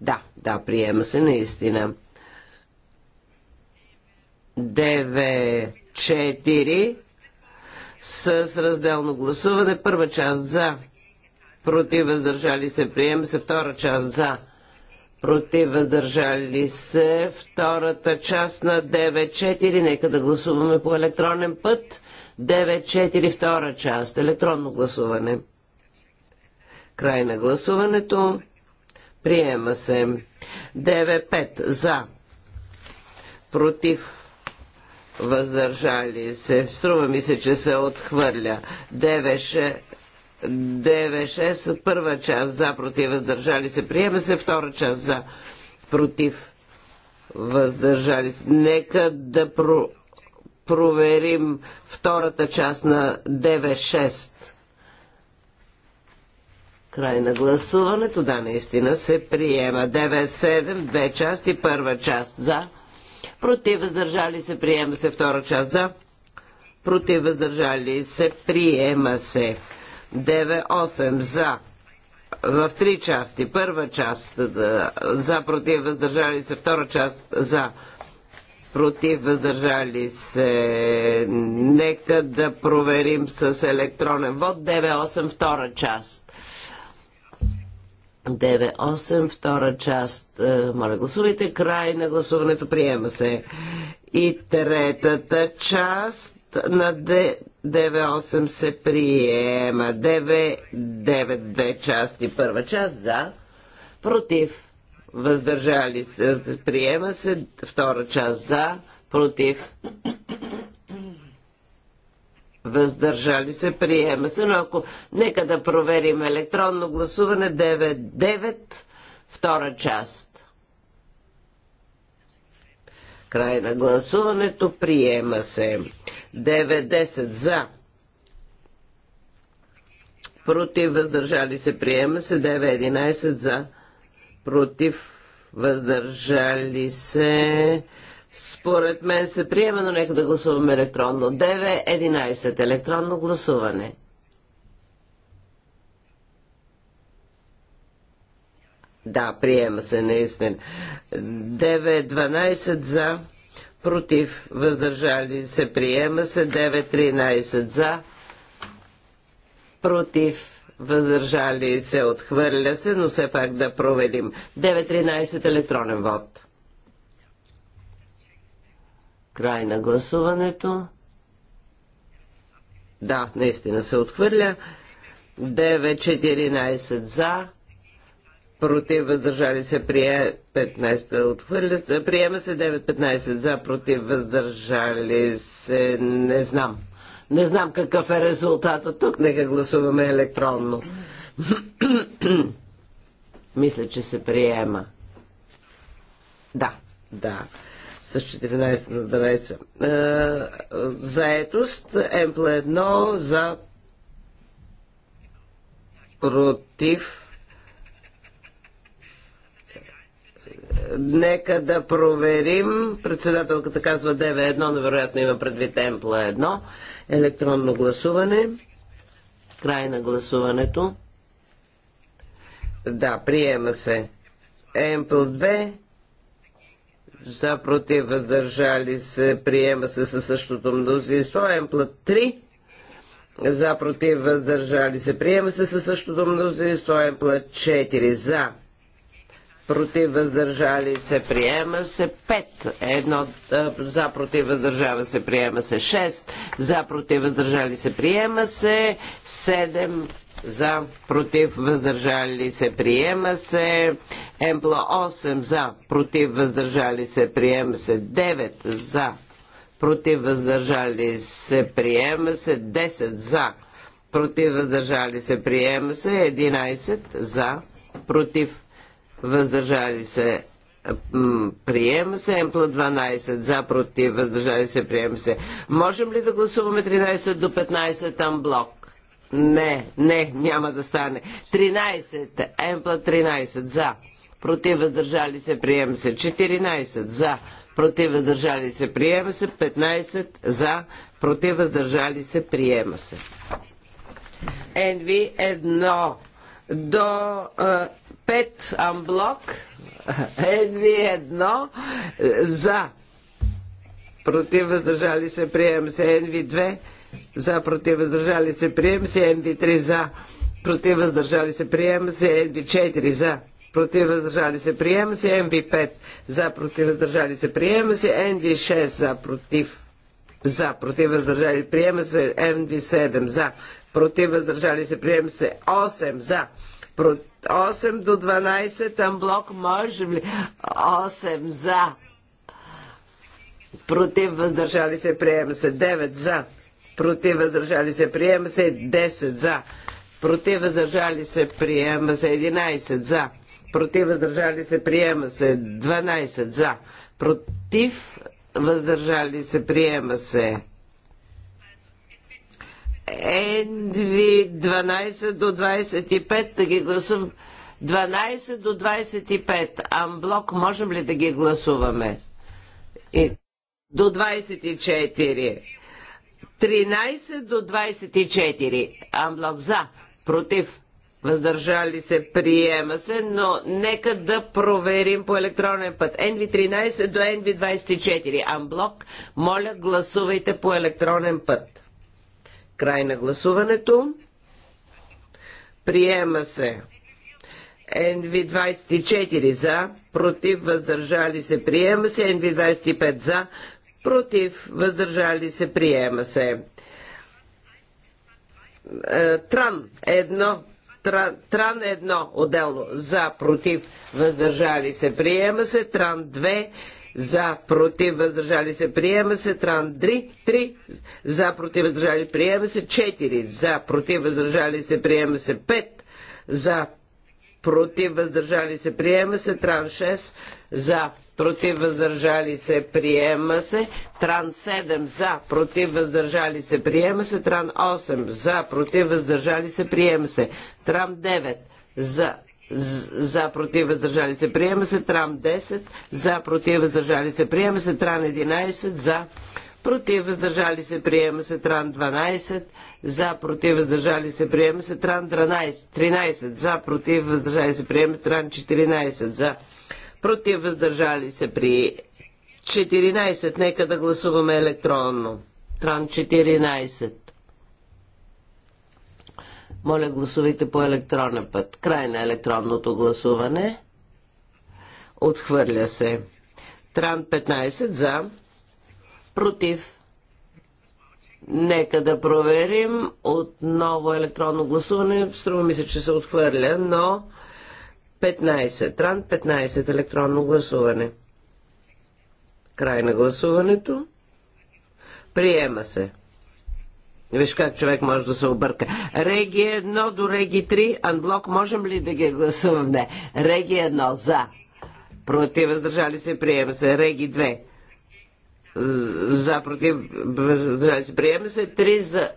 Да, да, приема се наистина. 9-4 с разделно гласуване. Първа част за, против въздържали се, приема се. Втора част за, против въздържали се. Втората част на 9-4. Нека да гласуваме по електронен път. 9-4 втора част. Електронно гласуване. Край на гласуването. Приема се. 9-5 за. Против въздържали се. Струва ми се, че се отхвърля. 9 9-6, първа част за, против, въздържали се. Приема се втора част за, против, въздържали се. Нека да про... проверим втората част на 9-6. Край на гласуването. Да, наистина се приема. 9-7, две части, първа част за, против въздържали се, приема се втора част за, против въздържали се, приема се 9-8 за, в три части. Първа част е, за, против въздържали се, втора част за, против въздържали се. Нека да проверим с електронен вод 9-8 втора част. 9-8, втора част. Е, моля, гласувайте. Край на гласуването. Приема се. И третата част на 9-8 се приема. 9-9, две части. Първа част за, против, въздържали се. Приема се. Втора част за, против, въздържали се, приема се, но ако нека да проверим електронно гласуване 9-9, втора част. Край на гласуването, приема се. 9-10 за. Против, въздържали се, приема се. 9-11 за. Против, въздържали се. Според мен се приема, но нека да гласуваме електронно. 9.11. Електронно гласуване. Да, приема се наистина. 9.12 за, против, въздържали се, приема се. 9.13 за, против, въздържали се, отхвърля се, но все пак да проведим. 9.13 електронен вод. Край на гласуването. Да, наистина се отхвърля. 9-14 за. Против въздържали се прие 15 отхвърля. Приема се 9-15 за. Против въздържали се. Не знам. Не знам какъв е резултатът тук. Нека гласуваме електронно. Мисля, че се приема. Да, да с 14 на 12. Е, заетост, МПЛ-1 за против. Нека да проверим. Председателката казва 9-1, но вероятно има предвид Емпла 1. Електронно гласуване. Край на гласуването. Да, приема се. Емпл 2 за против въздържали се, приема се със същото мнозинство. М плът 3 за против въздържали се, приема се със същото мнозинство. М плът 4 за против въздържали се, приема се 5, едно за против въздържава се, приема се 6, за против въздържали се, приема се 7 за, против, въздържали се, приема се. Емпло 8 за, против, въздържали се, приема се. 9 за, против, въздържали се, приема се. 10 за, против, въздържали се, приема се. 11 за, против, въздържали се, приема се. Емпло 12 за, против, въздържали се, приема се. Можем ли да гласуваме 13 до 15 там блок? Не, не, няма да стане. 13. Емпла 13. За. Против въздържали се, приема се. 14. За. Против въздържали се, приема се. 15. За. Против въздържали се, приема се. НВ 1 до е, 5 амблок. НВ 1 за. Против въздържали се, приема се. НВ 2 за против въздържали се прием се, НВ3 за против въздържали се прием се, НВ4 за против въздържали се прием се, НВ5 за против въздържали се прием се, НВ6 за против за против въздържали приема се НВ7 за против въздържали се приема се 8 за 8 до 12 там блок може ли 8 за против въздържали се приема се 9 за против въздържали се, приема се 10 за, против въздържали се, приема се 11 за, против въздържали се, приема се 12 за, против въздържали се, приема се ЕНВИ 12 до 25 да ги гласувам. 12 до 25. Амблок можем ли да ги гласуваме? И до 24. 13 до 24. Амблок за, против, въздържали се, приема се, но нека да проверим по електронен път. NV13 до NV24. Амблок, моля, гласувайте по електронен път. Край на гласуването. Приема се. NV24 за, против, въздържали се, приема се, NV25 за, против, въздържали се, приема се. Е, тран едно. Тран, тран едно отделно за, против, въздържали се, приема се. Тран 2 за, против, въздържали се, приема се. Тран 3, 3 за, против, въздържали, приема се. 4 за, против, въздържали се, приема се. 5 за, против въздържали се приема се, тран 6 за против въздържали се приема се, тран 7 за против въздържали се приема се, тран 8 за против въздържали се приема се, тран 9 за за против въздържали се приема се, тран 10 за против въздържали се приема се, тран 11 за против въздържали се приема се тран 12, за против въздържали се приема се тран 12, 13, за против въздържали се приема се тран 14, за против въздържали се при 14, нека да гласуваме електронно. Тран 14. Моля, гласувайте по електронен път. Край на електронното гласуване. Отхвърля се. Тран 15 за против. Нека да проверим отново електронно гласуване. Струва ми се, че се отхвърля, но 15. Тран 15 електронно гласуване. Край на гласуването. Приема се. Виж как човек може да се обърка. Реги 1 до Реги 3. Анблок можем ли да ги гласуваме? Реги 1 за. Против въздържали се. Приема се. Реги 2 за против, въздържали се, приема се, 3 за,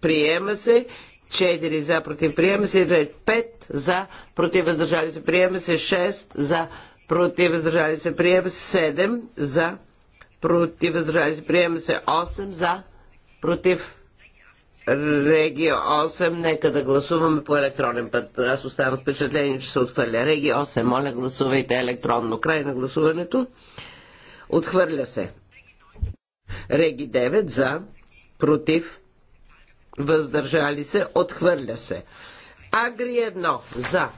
приема се, 4 за, против, приема се, 5 за, против, въздържали се, приема се, 6 за, против, въздържали се, приема се, 7 за, против, въздържали се, приема се, 8 за, против, Реги 8, нека да гласуваме по електронен път. Аз оставам впечатление, че се отхвърля. Реги 8, моля гласувайте електронно. Край на гласуването. Отхвърля се. Реги 9 за, против, въздържали се, отхвърля се. Агри 1 за,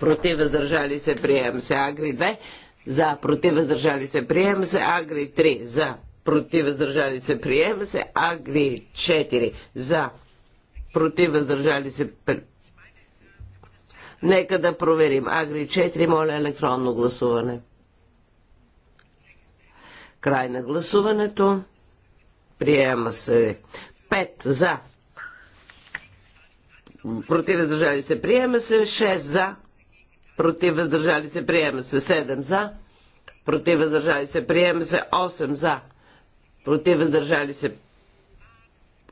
против, въздържали се, прием се. Агри 2 за, против, въздържали се, прием се. Агри 3 за, против, въздържали се, прием се. Агри 4 за, против, въздържали се, Нека да проверим. Агри 4, моля електронно гласуване. Край на гласуването. Приема се 5 за. Против въздържали се приема се 6 за. Против въздържали се приема се 7 за. Против въздържали се приема се 8 за. Против въздържали се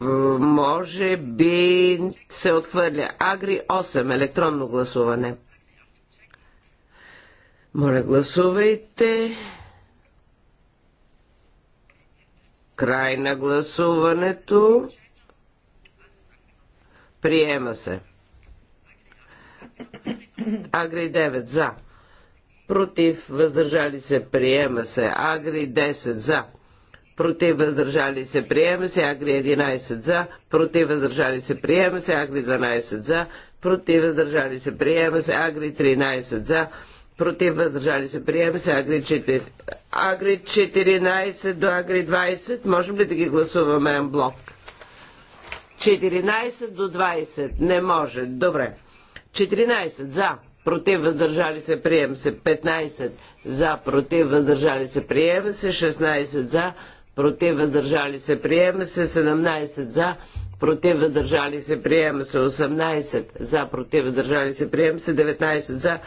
може би се отхвърля. Агри 8. Електронно гласуване. Моля, гласувайте. Край на гласуването. Приема се. Агри 9 за. Против, въздържали се, приема се. Агри 10 за. Против, въздържали се, приема се. Агри 11 за. Против, въздържали се, приема се. Агри 12 за. Против, въздържали се, приема се. Агри 13 за против въздържали се. Приема се Агри 4. Агри 14 до Агри 20. Можем ли да ги гласуваме блок? 14 до 20. Не може. Добре. 14 за. Против въздържали се. Приема се. 15 за. Против въздържали се. Приема се. 16 за. Против въздържали се. Приема се. 17 за против въздържали се, приема се 18 за, против въздържали се, приема се 19 за,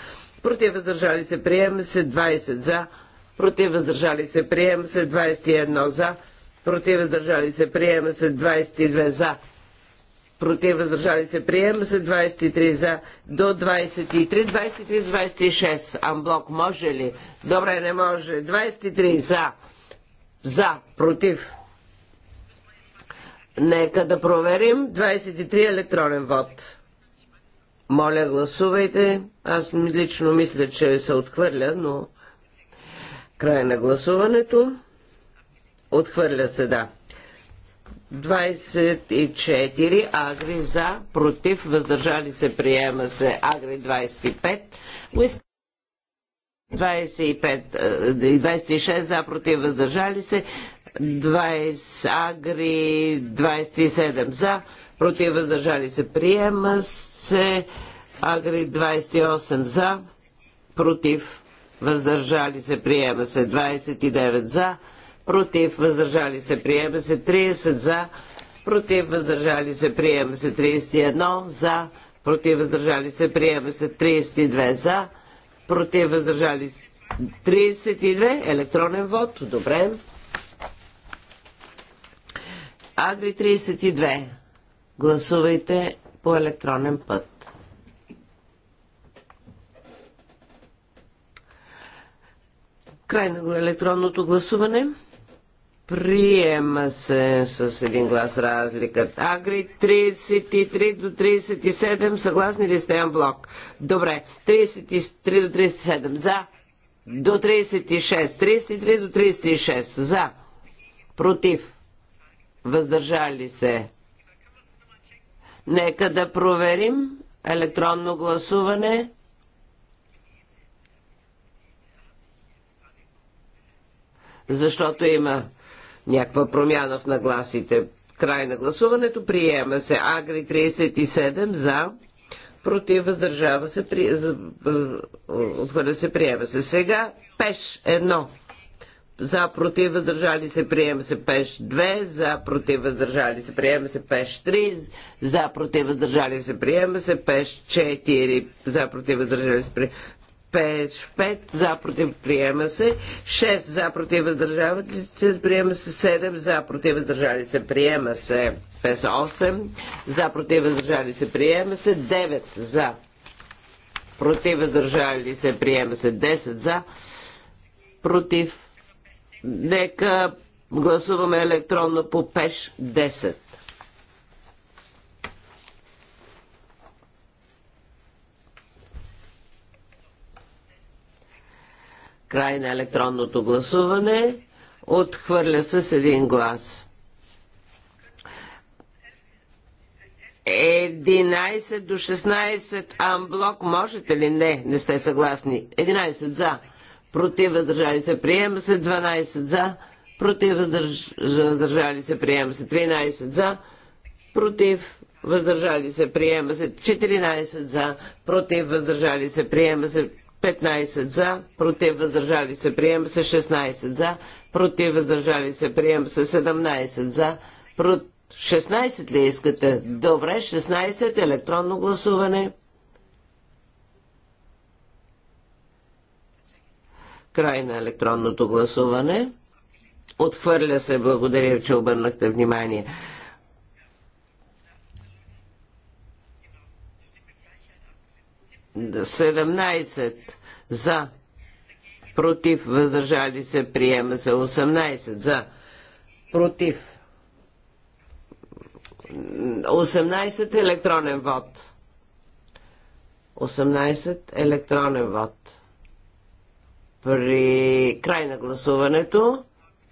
против въздържали се, приема се 20 за, против въздържали се, приема се 21 за, против въздържали се, приема се 22 за, против въздържали се, приема се 23 за, до 23, 23, 26, амблок може ли? Добре, не може, 23 за, за, против. Нека да проверим 23 електронен вод. Моля, гласувайте. Аз лично мисля, че се отхвърля, но край на гласуването. Отхвърля се, да. 24 агри за, против, въздържали се, приема се агри 25. 25 26 за, против, въздържали се. 20 агри 27 за, против, въздържали се, приема се се. Агри 28 за, против, въздържали се, приема се 29 за, против, въздържали се, приема се 30 за, против, въздържали се, приема се 31 за, против, въздържали се, приема се 32 за, против, въздържали се 32, електронен вод, добре. Агри 32, гласувайте по електронен път. Край на електронното гласуване. Приема се с един глас разликът. Агри 33 до 37. Съгласни ли сте, блок? Добре. 33 до 37. За. До 36. 33 до 36. За. Против. Въздържали се. Нека да проверим електронно гласуване. Защото има някаква промяна в нагласите. Край на гласуването приема се Агри 37 за против въздържава се, при... отхвърля се, приема се. Сега пеш едно за против въздържали се приема се пеш 2, за против въздържали се приема се пеш 3, за против въздържали се приема се пеш 4, за против въздържали се приема 5 за против приема се, 6 за против въздържали се, приема се 7 за против въздържали се, приема се 5 8 за против въздържали се, приема се 9 за против въздържали се, приема се 10 за против Нека гласуваме електронно по ПЕШ 10. Край на електронното гласуване. Отхвърля се с един глас. 11 до 16 амблок можете ли? Не, не сте съгласни. 11 за против въздържали се, приема се 12 за, против въздържали се, приема се 13 за, против въздържали се, приема се 14 за, против въздържали се, приема се 15 за, против въздържали се, приема се 16 за, против въздържали се, приема се 17 за, против 16 ли искате? Добре, 16 електронно гласуване. Край на електронното гласуване. Отхвърля се. Благодаря, че обърнахте внимание. Да, 17 за, против, въздържали се, приема се 18 за, против. 18 електронен вод. 18 електронен вод. При край на гласуването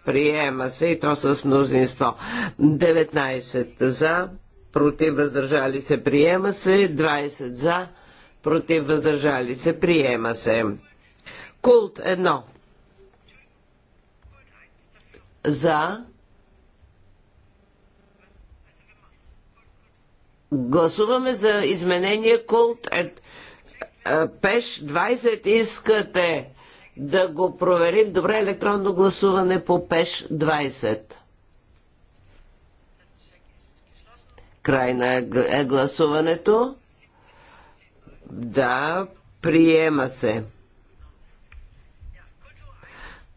приема се и то с мнозинство. 19 за, против въздържали се, приема се. 20 за, против въздържали се, приема се. Култ 1. За. Гласуваме за изменение култ. Е, е, пеш 20 искате да го проверим. Добре, електронно гласуване по ПЕШ 20. Край на е гласуването. Да, приема се.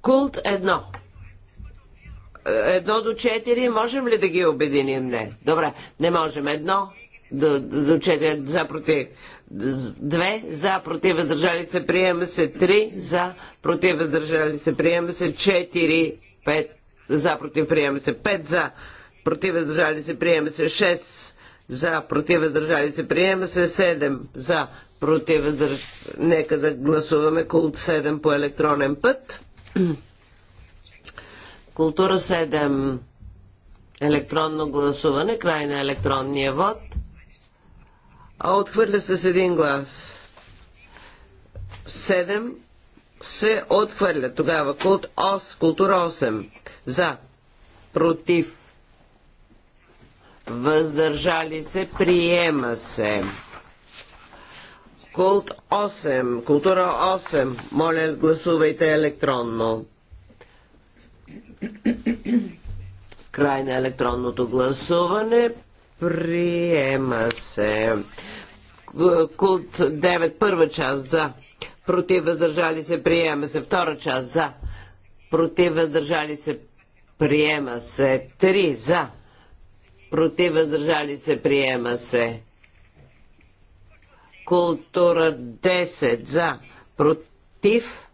Култ 1. Едно до 4 можем ли да ги обединим? Не. Добре, не можем. Едно до, до 4 за против. 2 за против въздържали се приема се 3 за против въздържали се приема се 4 5 за против приема се 5 за против въздържали се приема се 6 за против въздържали се приема се 7 за против въздържали нека да гласуваме култ 7 по електронен път култура 7 електронно гласуване край на електронния вод а отхвърля с един глас. Седем се отхвърля. Тогава култ ос, култура 8. За. Против. Въздържали се. Приема се. Култ 8. Култура 8. Моля, гласувайте електронно. Край на електронното гласуване. Приема се. Култ 9, първа част за. Против въздържали се. Приема се. Втора част за. Против въздържали се. Приема се. 3 за. Против въздържали се. Приема се. Култура 10 за. Против.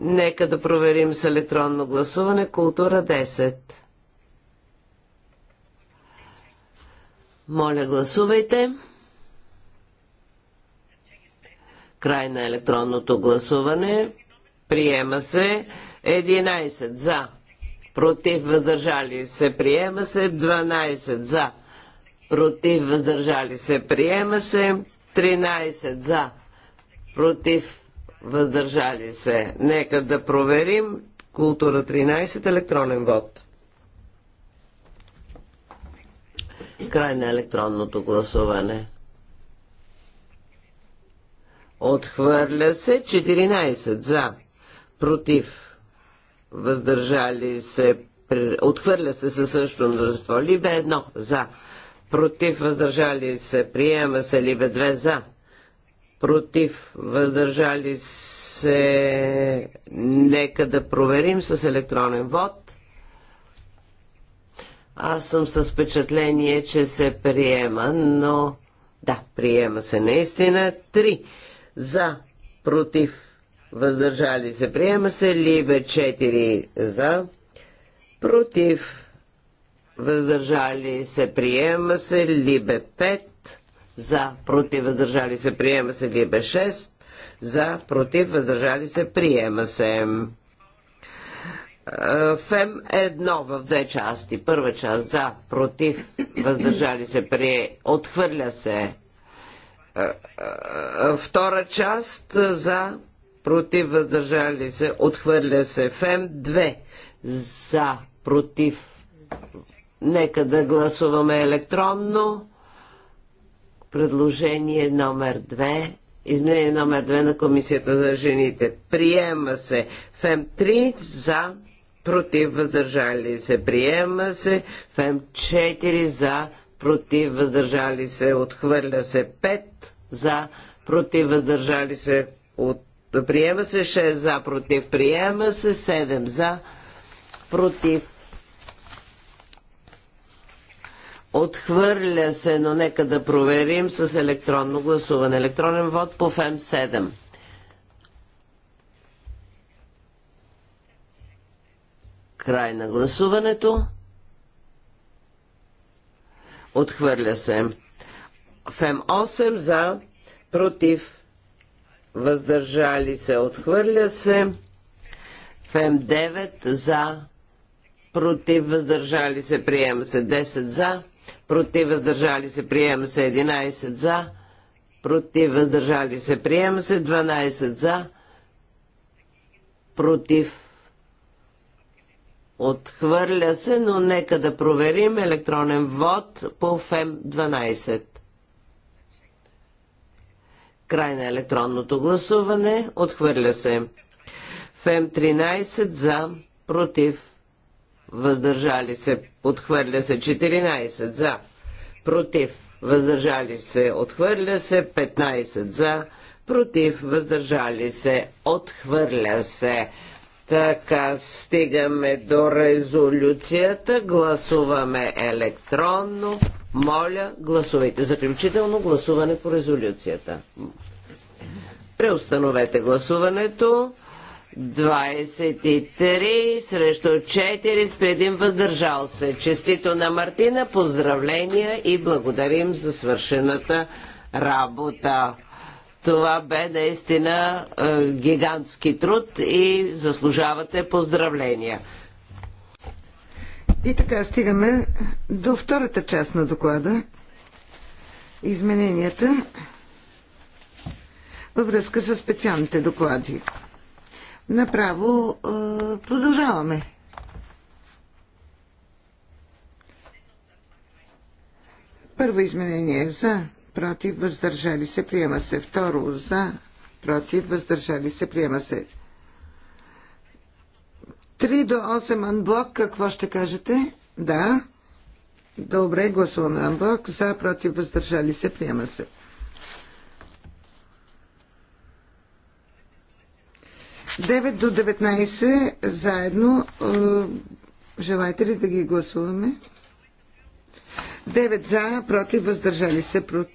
Нека да проверим с електронно гласуване. Култура 10. Моля, гласувайте. Край на електронното гласуване. Приема се 11 за. Против въздържали се. Приема се 12 за. Против въздържали се. Приема се 13 за. Против въздържали се. Нека да проверим. Култура 13 електронен вод. Край на електронното гласуване. Отхвърля се 14 за, против, въздържали се, отхвърля се със същото множество. Либе едно за, против, въздържали се, приема се, либе 2 за, против, въздържали се, нека да проверим с електронен вод. Аз съм с впечатление, че се приема, но да, приема се наистина. Три за, против, въздържали се. Приема се Либе 4 за, против, въздържали се. Приема се Либе 5 за, против, въздържали се. Приема се Либе 6 за, против, въздържали се. Приема се. ФЕМ едно в две части. Първа част за, против, въздържали се, при, отхвърля се. Е, е, е, втора част за, против, въздържали се, отхвърля се. ФЕМ две. за, против. Нека да гласуваме електронно. Предложение номер 2. Изменение номер две на Комисията за жените. Приема се ФЕМ 3 за, против, въздържали се, приема се, ФЕМ 4 за, против, въздържали се, отхвърля се 5 за, против, въздържали се, от... приема се 6 за, против, приема се 7 за, против, Отхвърля се, но нека да проверим с електронно гласуване. Електронен вод по ФЕМ 7. Край на гласуването. Отхвърля се. Фем 8 за, против, въздържали се, отхвърля се. Фем 9 за, против, въздържали се, приема се 10 за, против, въздържали се, приема се 11 за, против, въздържали се, приема се 12 за, против, Отхвърля се, но нека да проверим електронен вод по ФЕМ 12. Край на електронното гласуване. Отхвърля се. ФЕМ 13 за, против, въздържали се. Отхвърля се 14 за, против, въздържали се. Отхвърля се 15 за, против, въздържали се. Отхвърля се. Така стигаме до резолюцията. Гласуваме електронно. Моля, гласувайте. Заключително гласуване по резолюцията. Преустановете гласуването. 23 срещу 4 с предим въздържал се. Честито на Мартина, поздравления и благодарим за свършената работа. Това бе наистина е, гигантски труд и заслужавате поздравления. И така стигаме до втората част на доклада. Измененията във връзка с специалните доклади. Направо е, продължаваме. Първо изменение за против, въздържали се, приема се. Второ, за, против, въздържали се, приема се. 3 до 8 анблок, какво ще кажете? Да. Добре, гласуваме анблок. За, против, въздържали се, приема се. Девет до 19 заедно. Е, желаете ли да ги гласуваме? 9 за, против, въздържали се, против?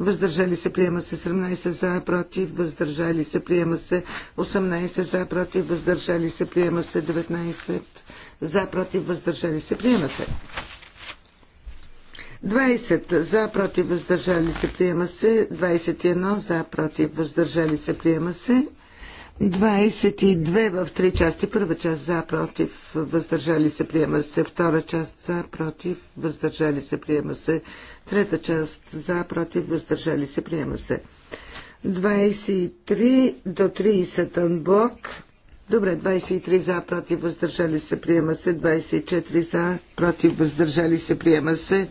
въздържали се, приема се 17 за, против, въздържали се, приема се 18 за, против, въздържали се, приема се 19 за, против, въздържали се, приема се. 20 за, против, въздържали се, приема се. 21 за, против, въздържали се, приема се. 22 в три части. Първа част за, против, въздържали се, приема се. Втора част за, против, въздържали се, приема се. Трета част за, против, въздържали се, приема се. 23 до 30 анблок. Добре, 23 за, против, въздържали се, приема се. 24 за, против, въздържали се, приема се.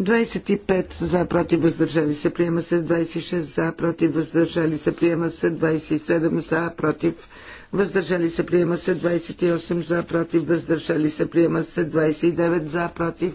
25 за, против, въздържали се, приема се. 26 за, против, въздържали се, приема се. 27 за, против, въздържали се, приема се. 28 за, против, въздържали се, приема се. 29 за, против,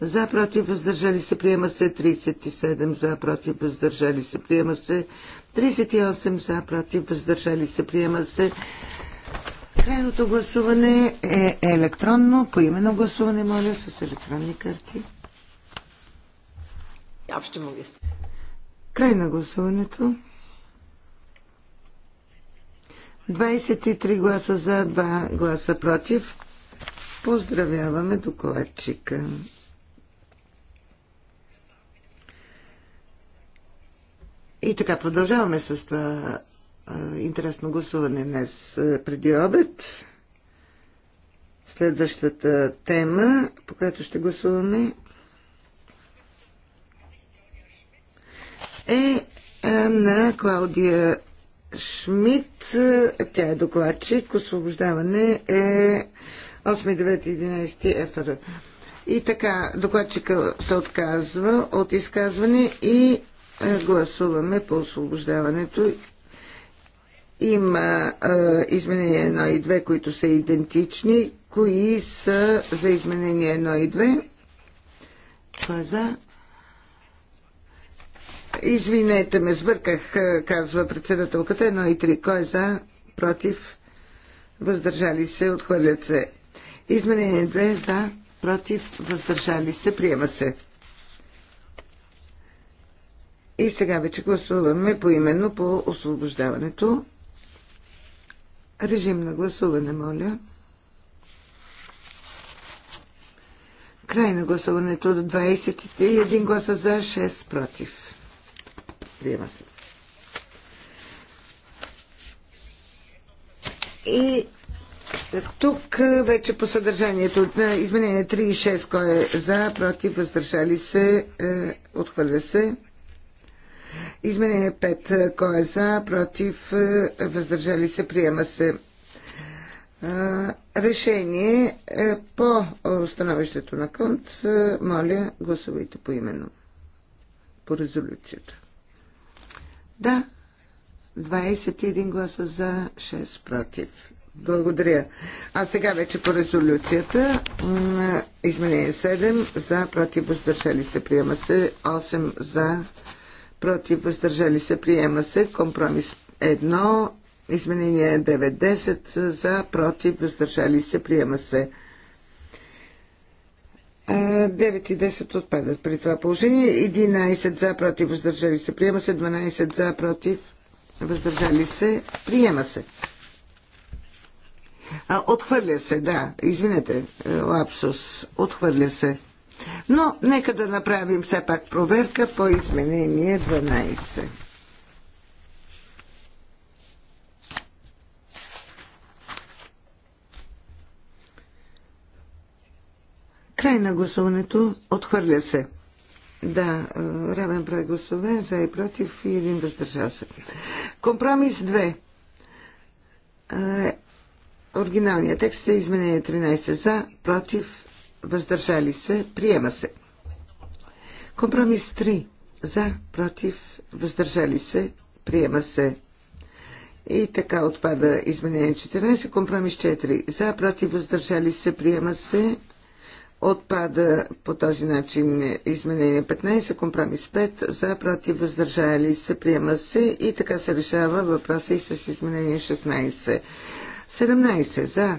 за против въздържали се приема се 37 за против въздържали се приема се 38 за против въздържали се приема се Крайното гласуване е електронно, по именно гласуване, моля, с електронни карти. Край на гласуването. 23 гласа за, 2 гласа против. Поздравяваме докладчика. И така, продължаваме с това интересно гласуване днес преди обед. Следващата тема, по която ще гласуваме, е на Клаудия Шмидт. Тя е докладчик. Освобождаване е 8-9-11 И така, докладчика се отказва от изказване и е, гласуваме по освобождаването. Има е, изменения 1 и 2, които са идентични. Кои са за изменение 1 и 2? Това е за. Извинете ме, сбърках, е, казва председателката. 1 и 3. Кой е за? Против? Въздържали се? Отхвърлят се. Изменение 2 за? Против? Въздържали се? Приема се. И сега вече гласуваме поименно по освобождаването. Режим на гласуване, моля. Край на гласуването до 21 гласа за, 6 против. Приема се. И тук вече по съдържанието на е, изменение 3 и 6, кой е за, против, въздържали се, е, отхвърля се. Изменение 5. Кой е за, против, е, въздържали се, приема се. Решение е, по становището на Кънт. Е, моля, гласувайте по именно. По резолюцията. Да, 21 гласа за, 6 против. Благодаря. А сега вече по резолюцията. Изменение 7 за, против, въздържали се, приема се. 8 за, против, въздържали се, приема се. Компромис 1, изменение 9-10 за, против, въздържали се, приема се. 9 и 10 отпадат при това положение. 11 за, против, въздържали се, приема се. 12 за, против, въздържали се, приема се. А, отхвърля се, да. Извинете, е, лапсус. Отхвърля се. Но нека да направим все пак проверка по изменение 12. Край на гласуването отхвърля се. Да, е, равен брой гласове, за и против и един въздържал се. Компромис 2. Е, оригиналният текст е изменение 13 за, против, въздържали се, приема се. Компромис 3. За, против, въздържали се, приема се. И така отпада изменение 14, компромис 4. За, против, въздържали се, приема се. Отпада по този начин изменение 15, компромис 5, за, против, въздържали се, приема се и така се решава въпроса и с изменение 16. 17 за,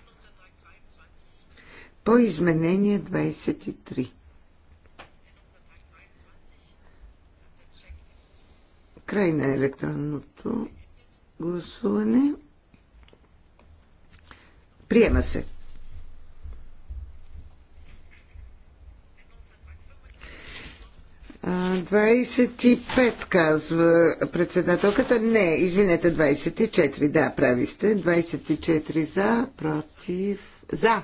по изменение 23. Край на електронното гласуване. Приема се. А, 25 казва председателката. Не, извинете, 24. Да, прави сте. 24 за, против. За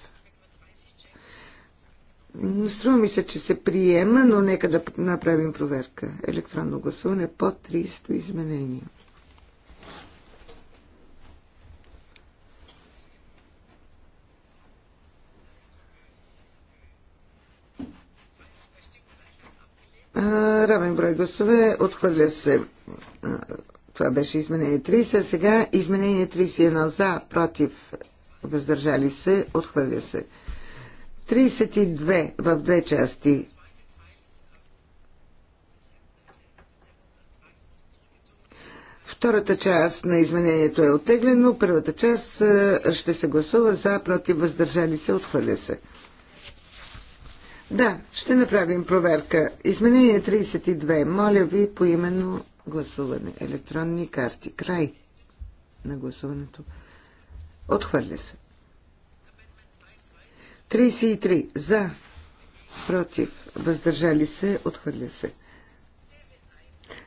Струва ми се, че се приема, но нека да направим проверка. Електронно гласуване по 300 изменения. равен брой гласове, отхвърля се. Това беше изменение 30. Сега изменение 31 за, против, въздържали се, отхвърля се. 32 в две части. Втората част на изменението е оттеглено, първата част е, ще се гласува за, против, въздържали се, отхвърля се. Да, ще направим проверка. Изменение 32. Моля ви по именно гласуване. Електронни карти. Край на гласуването. Отхвърля се. 33 за, против, въздържали се, отхвърля се.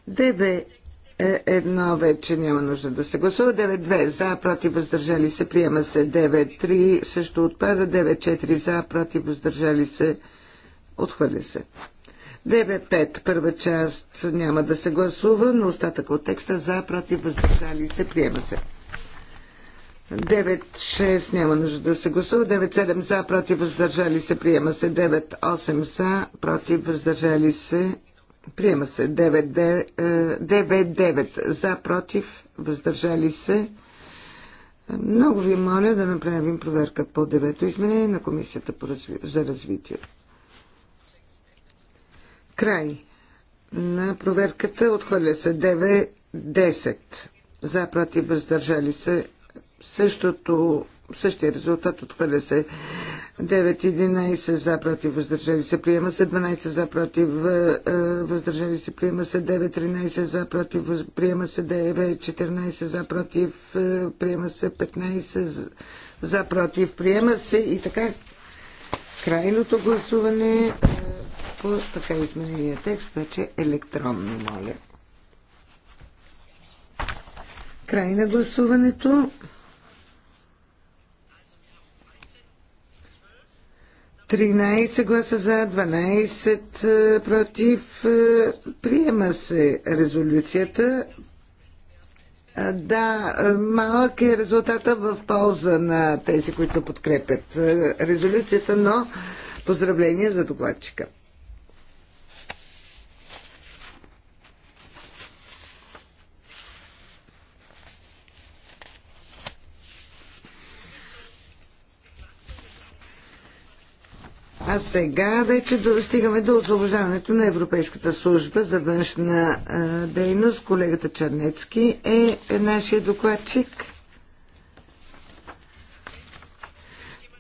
ДВ е едно вече няма нужда да се гласува. 9-2 за, против, въздържали се, приема се. 9-3 също отпада. 9-4 за, против, въздържали се, отхвърля се. 9-5 първа част няма да се гласува, но остатък от текста за, против, въздържали се, приема се. 9-6 няма нужда да се гласува. 9-7 за, против, въздържали се, приема се. 9-8 за, против, въздържали се, приема се. 9-9 е, за, против, въздържали се. Много ви моля да направим проверка по 9-то изменение на Комисията за развитие. Край на проверката отхвърля се 9-10. За, против, въздържали се, Същото, същия резултат отхвърля се 9-11 за против въздържали се приема се 12 за против е, въздържали се приема се 9-13 за против приема се 9-14 за против е, приема се 15 за против приема се и така крайното гласуване е, по така изменения текст вече електронно моля. Край на гласуването. 13 гласа за, 12 е, против. Е, приема се резолюцията. Е, да, малък е резултата в полза на тези, които подкрепят резолюцията, но поздравления за докладчика. А сега вече достигаме до освобождаването на Европейската служба за външна дейност. Колегата Чернецки е нашия докладчик.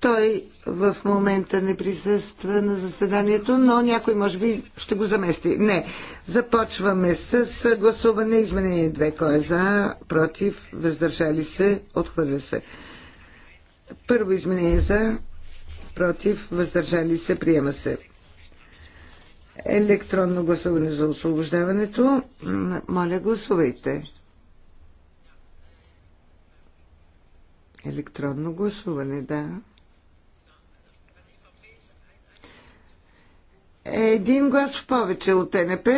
Той в момента не присъства на заседанието, но някой може би ще го замести. Не. Започваме с гласуване. Изменение две. Кой е за? Против? Въздържали се? Отхвърля се. Първо изменение за? против, въздържали се, приема се. Електронно гласуване за освобождаването. Моля, гласувайте. Електронно гласуване, да. Един глас в повече от НП.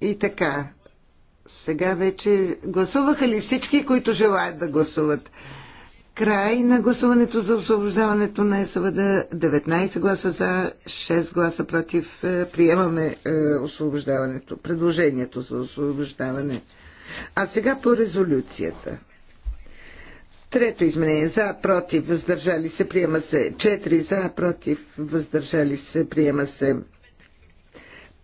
И така, сега вече гласуваха ли всички, които желаят да гласуват? Край на гласуването за освобождаването на СВД. 19 гласа за, 6 гласа против. Е, приемаме е, освобождаването, предложението за освобождаване. А сега по резолюцията. Трето изменение за, против, въздържали се, приема се. 4 за, против, въздържали се, приема се.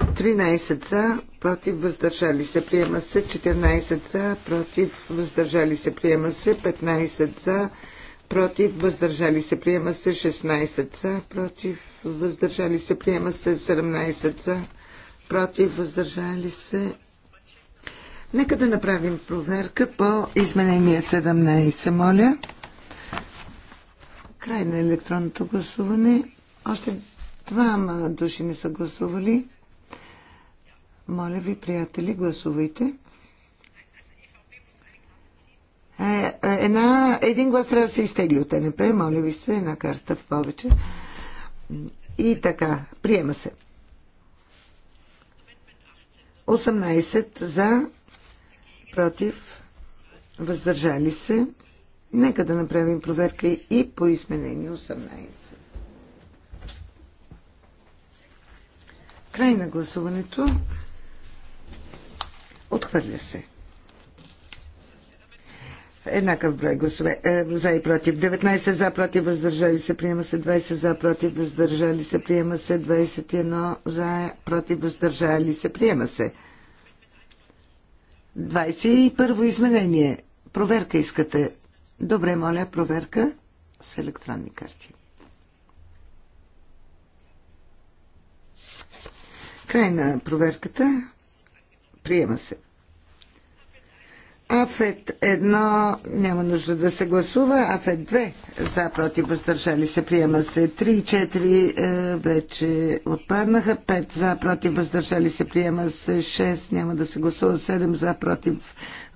13 за, против, въздържали се, приема се. 14 за, против, въздържали се, приема се. 15 за, против, въздържали се, приема се. 16 за, против, въздържали се, приема се. 17 за, против, въздържали се. Нека да направим проверка по изменение 17, моля. Край на електронното гласуване. Още двама души не са гласували. Моля ви, приятели, гласувайте. Е, е, една, един глас трябва да се изтегли от НП. Моля ви се, една карта в повече. И така, приема се. 18 за, против, въздържали се. Нека да направим проверка и по изменение 18. Край на гласуването. Отхвърля се. Еднакъв брой гласове. Е, за и против. 19 за, против, въздържали се, приема се. 20 за, против, въздържали се, приема се. 21 за, против, въздържали се, приема се. 21 изменение. Проверка искате. Добре, моля, проверка с електронни карти. Край на проверката. Приема се. Афет 1 няма нужда да се гласува. Афет 2 за против въздържали се приема се. 3 и 4 е, вече отпаднаха. 5 за против въздържали се приема се. 6 няма да се гласува. 7 за против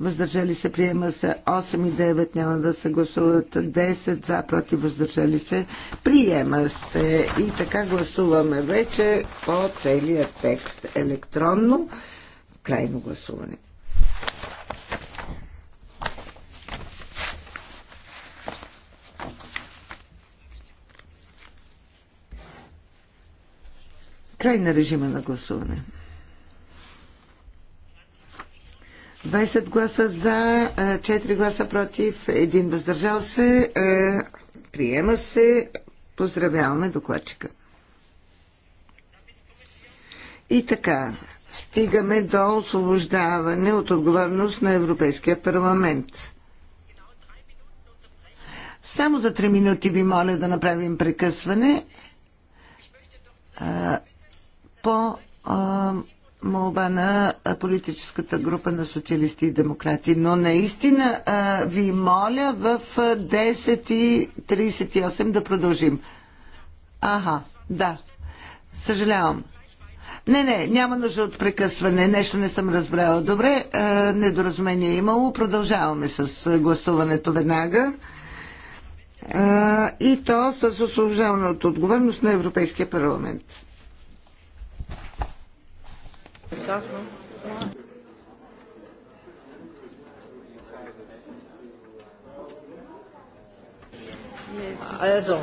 въздържали се приема се. 8 и 9 няма да се гласуват. 10 за против въздържали се приема се. И така гласуваме вече по целия текст електронно. Крайно гласуване. Край на режима на гласуване. 20 гласа за, 4 е, гласа против, 1 въздържал се. Е, приема се. Поздравяваме докладчика. И така, стигаме до освобождаване от отговорност на Европейския парламент. Само за три минути ви моля да направим прекъсване по молба на политическата група на социалисти и демократи. Но наистина ви моля в 10.38 да продължим. Ага, да. Съжалявам. Не, не, няма нужда от прекъсване. Нещо не съм разбрала. Добре, а, недоразумение е имало. Продължаваме с гласуването веднага. А, и то с освобождаване от отговорност на Европейския парламент. Also,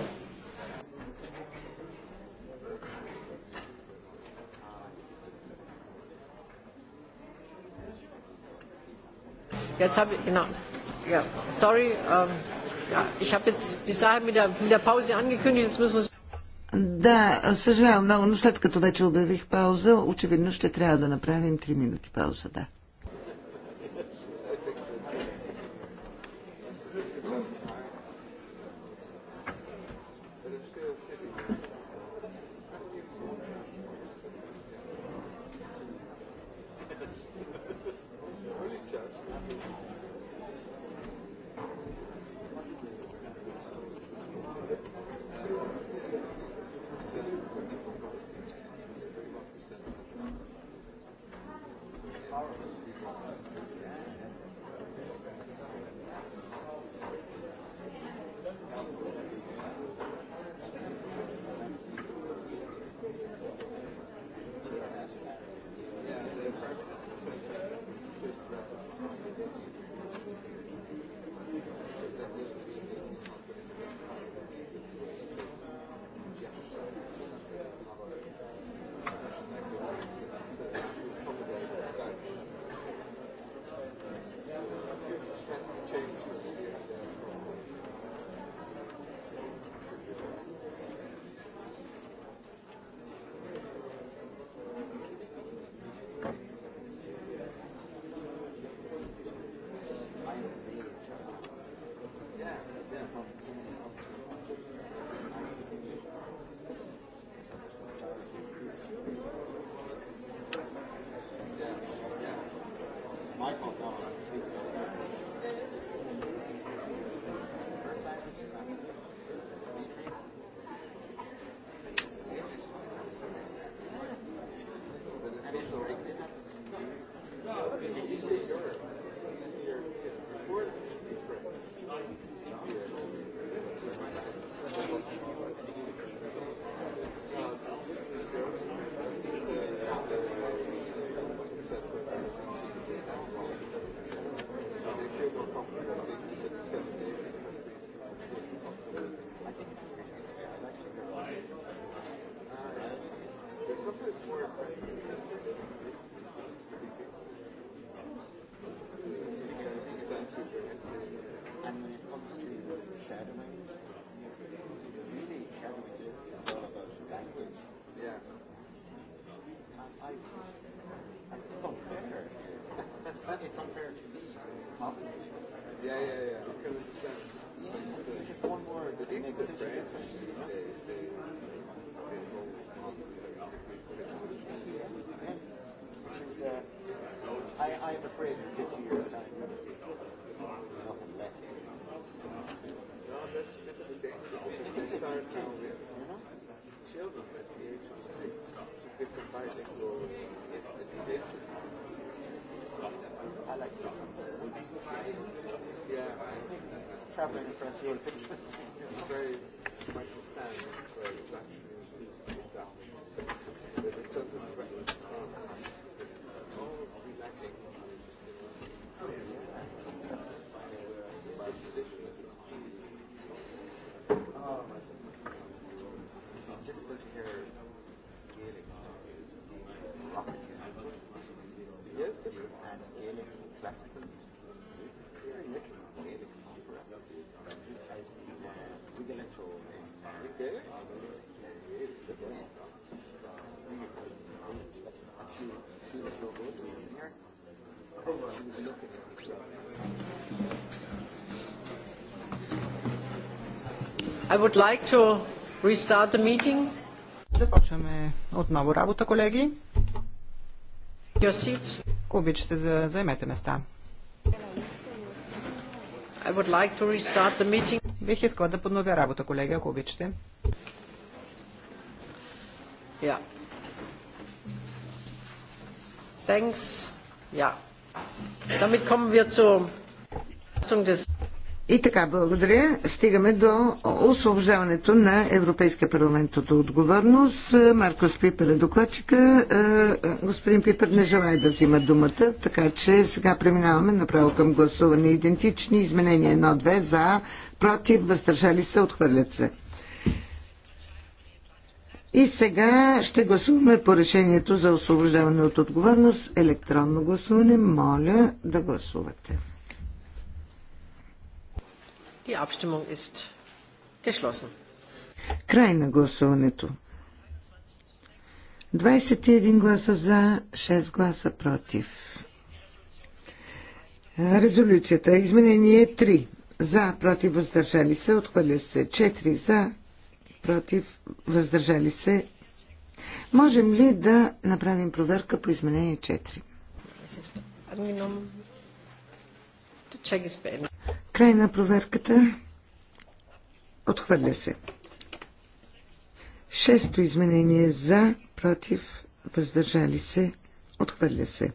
Jetzt habe ich, genau. Ja, sorry, ähm, ja, ich habe jetzt die Sache mit der, mit der Pause angekündigt, jetzt müssen wir... Да, съжалявам много, но след като вече обявих пауза, очевидно ще трябва да направим 3 минути пауза, да. I, I am afraid in 50 years' time, nothing left. No, a big I like different. Yeah. Traveling across Europe, interesting. It's very much a plan for luxury, But it's something I would like to restart the meeting. Започваме отново работа, колеги. Your seats. Ако обичате, за... заемете места. I would like to restart the meeting. Бих искала да подновя работа, колеги, ако обичате. Yeah. Thanks. Ja. Yeah. Damit kommen wir zur Leistung des и така, благодаря. Стигаме до освобождаването на Европейския парламент от отговорност. Маркос Пипер е докладчика. Е, е, господин Пипер не желая да взима думата, така че сега преминаваме направо към гласуване. Идентични изменения 1-2 за, против, въздържали се, отхвърлят се. И сега ще гласуваме по решението за освобождаване от отговорност. Електронно гласуване. Моля да гласувате. Die Abstimmung ist geschlossen. Край на гласуването. 21 гласа за, 6 гласа против. Резолюцията. Изменение 3. За, против, въздържали се. Отхвърля се. 4 за, против, въздържали се. Можем ли да направим проверка по изменение 4? Край на проверката. Отхвърля се. Шесто изменение за, против, въздържали се, отхвърля се.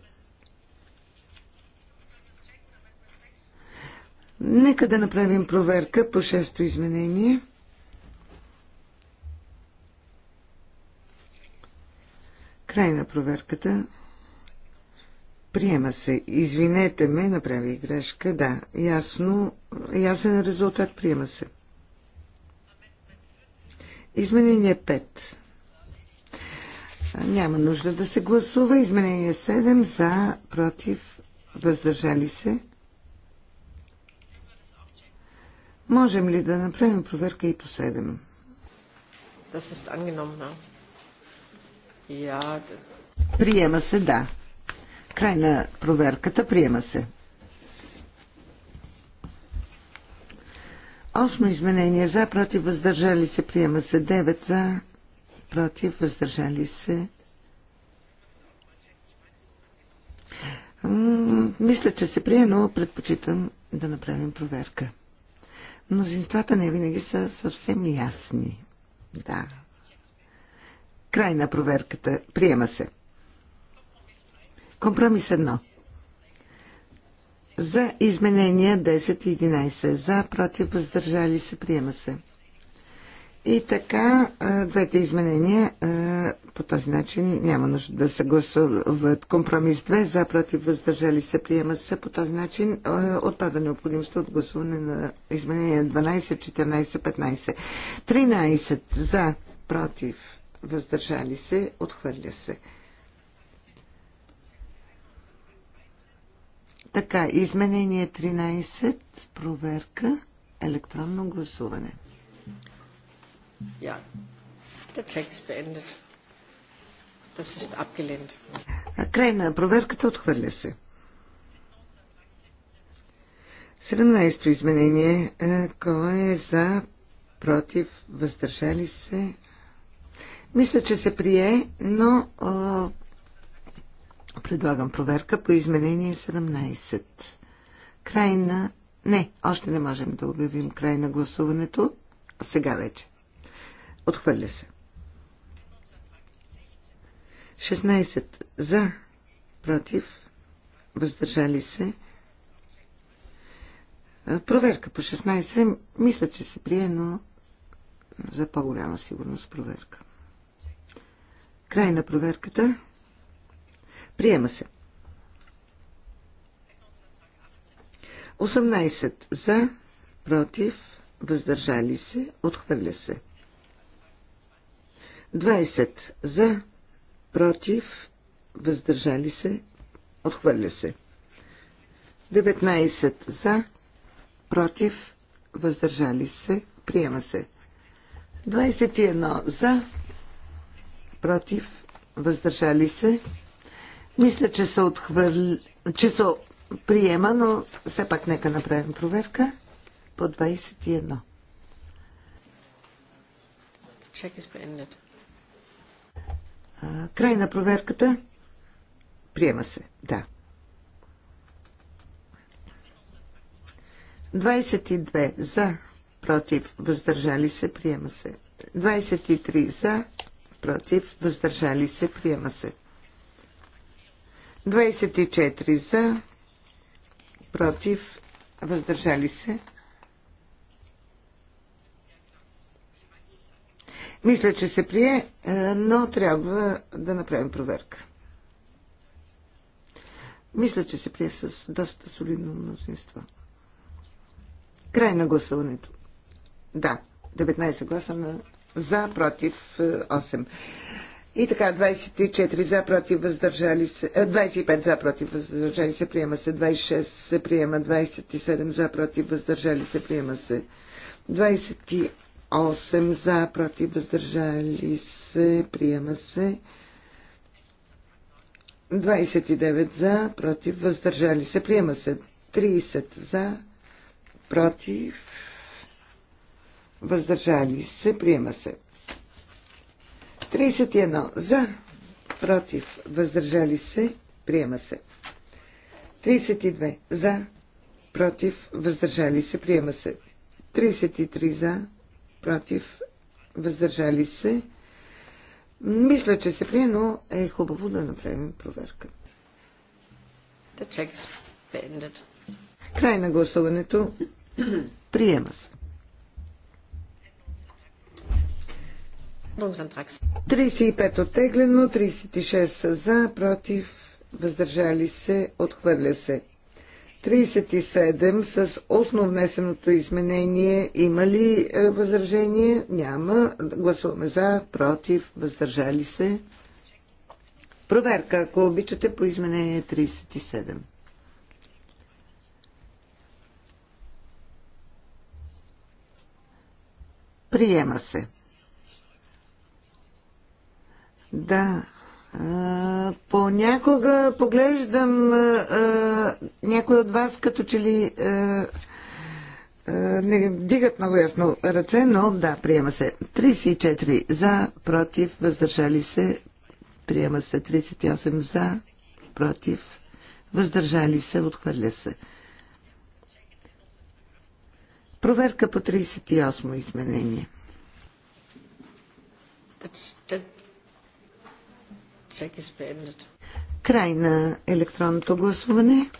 Нека да направим проверка по шесто изменение. Край на проверката. Приема се. Извинете ме, направи грешка. Да, ясно. Ясен резултат. Приема се. Изменение 5. Няма нужда да се гласува. Изменение 7 за, против, въздържали се. Можем ли да направим проверка и по 7? Das ist angenommen. Ja. Приема се, да. Край на проверката. Приема се. Осмо изменение за, против, въздържали се, приема се. 9 за, против, въздържали се. М мисля, че се прие, но предпочитам да направим проверка. Мнозинствата не винаги са съвсем ясни. Да. Край на проверката. Приема се. Компромис 1. За изменения 10 и 11. За, против, въздържали се, приема се. И така, двете изменения по този начин няма нужда да се гласуват. Компромис 2 за, против, въздържали се, приема се. По този начин отпада необходимостта от гласуване на изменения 12, 14, 15. 13 за, против, въздържали се, отхвърля се. Така, изменение 13, проверка, електронно гласуване. Ja, der Text beendet. Das ist abgelehnt. Край на проверката отхвърля се. 17-то изменение. Е, кой е за, против, въздържали се? Мисля, че се прие, но Предлагам проверка по изменение 17. Край на... Не, още не можем да обявим край на гласуването. Сега вече. Отхвърля се. 16 за, против, въздържали се. Проверка по 16. Мисля, че се прие, но за по-голяма сигурност проверка. Край на проверката. Приема се. 18 за, против, въздържали се, отхвърля се. 20 за, против, въздържали се, отхвърля се. 19 за, против, въздържали се, приема се. 21 за, против, въздържали се, мисля, че се отхвърли, че се приема, но все пак нека направим проверка по 21. Е край на проверката. Приема се, да. 22 за, против, въздържали се, приема се. 23 за, против, въздържали се, приема се. 24 за, против, въздържали се. Мисля, че се прие, е, но трябва да направим проверка. Мисля, че се прие с доста солидно мнозинство. Край на гласуването. Да, 19 гласа на за, против 8. Е, и така, 24 за против въздържали се, 25 е, за против въздържали се, приема се, 26 се приема, 27 за против въздържали се, приема се, 28 за против въздържали се, приема се, 29 за против въздържали се, приема се, 30 за против въздържали се, приема се. 31 за, против, въздържали се, приема се. 32 за, против, въздържали се, приема се. 33 за, против, въздържали се. Мисля, че се прие, но е хубаво да направим проверка. Край на гласуването. Приема се. 35 оттеглено, 36 за, против, въздържали се, отхвърля се. 37 с основнесеното изменение. Има ли е, възражение? Няма. Гласуваме за, против, въздържали се. Проверка, ако обичате, по изменение 37. Приема се. Да. А, понякога поглеждам а, някой от вас като че ли а, а, не дигат много ясно ръце, но да, приема се. 34 за, против, въздържали се. Приема се 38 за, против, въздържали се, отхвърля се. Проверка по 38 изменение. That's, that Check is Край на електронното гласуване.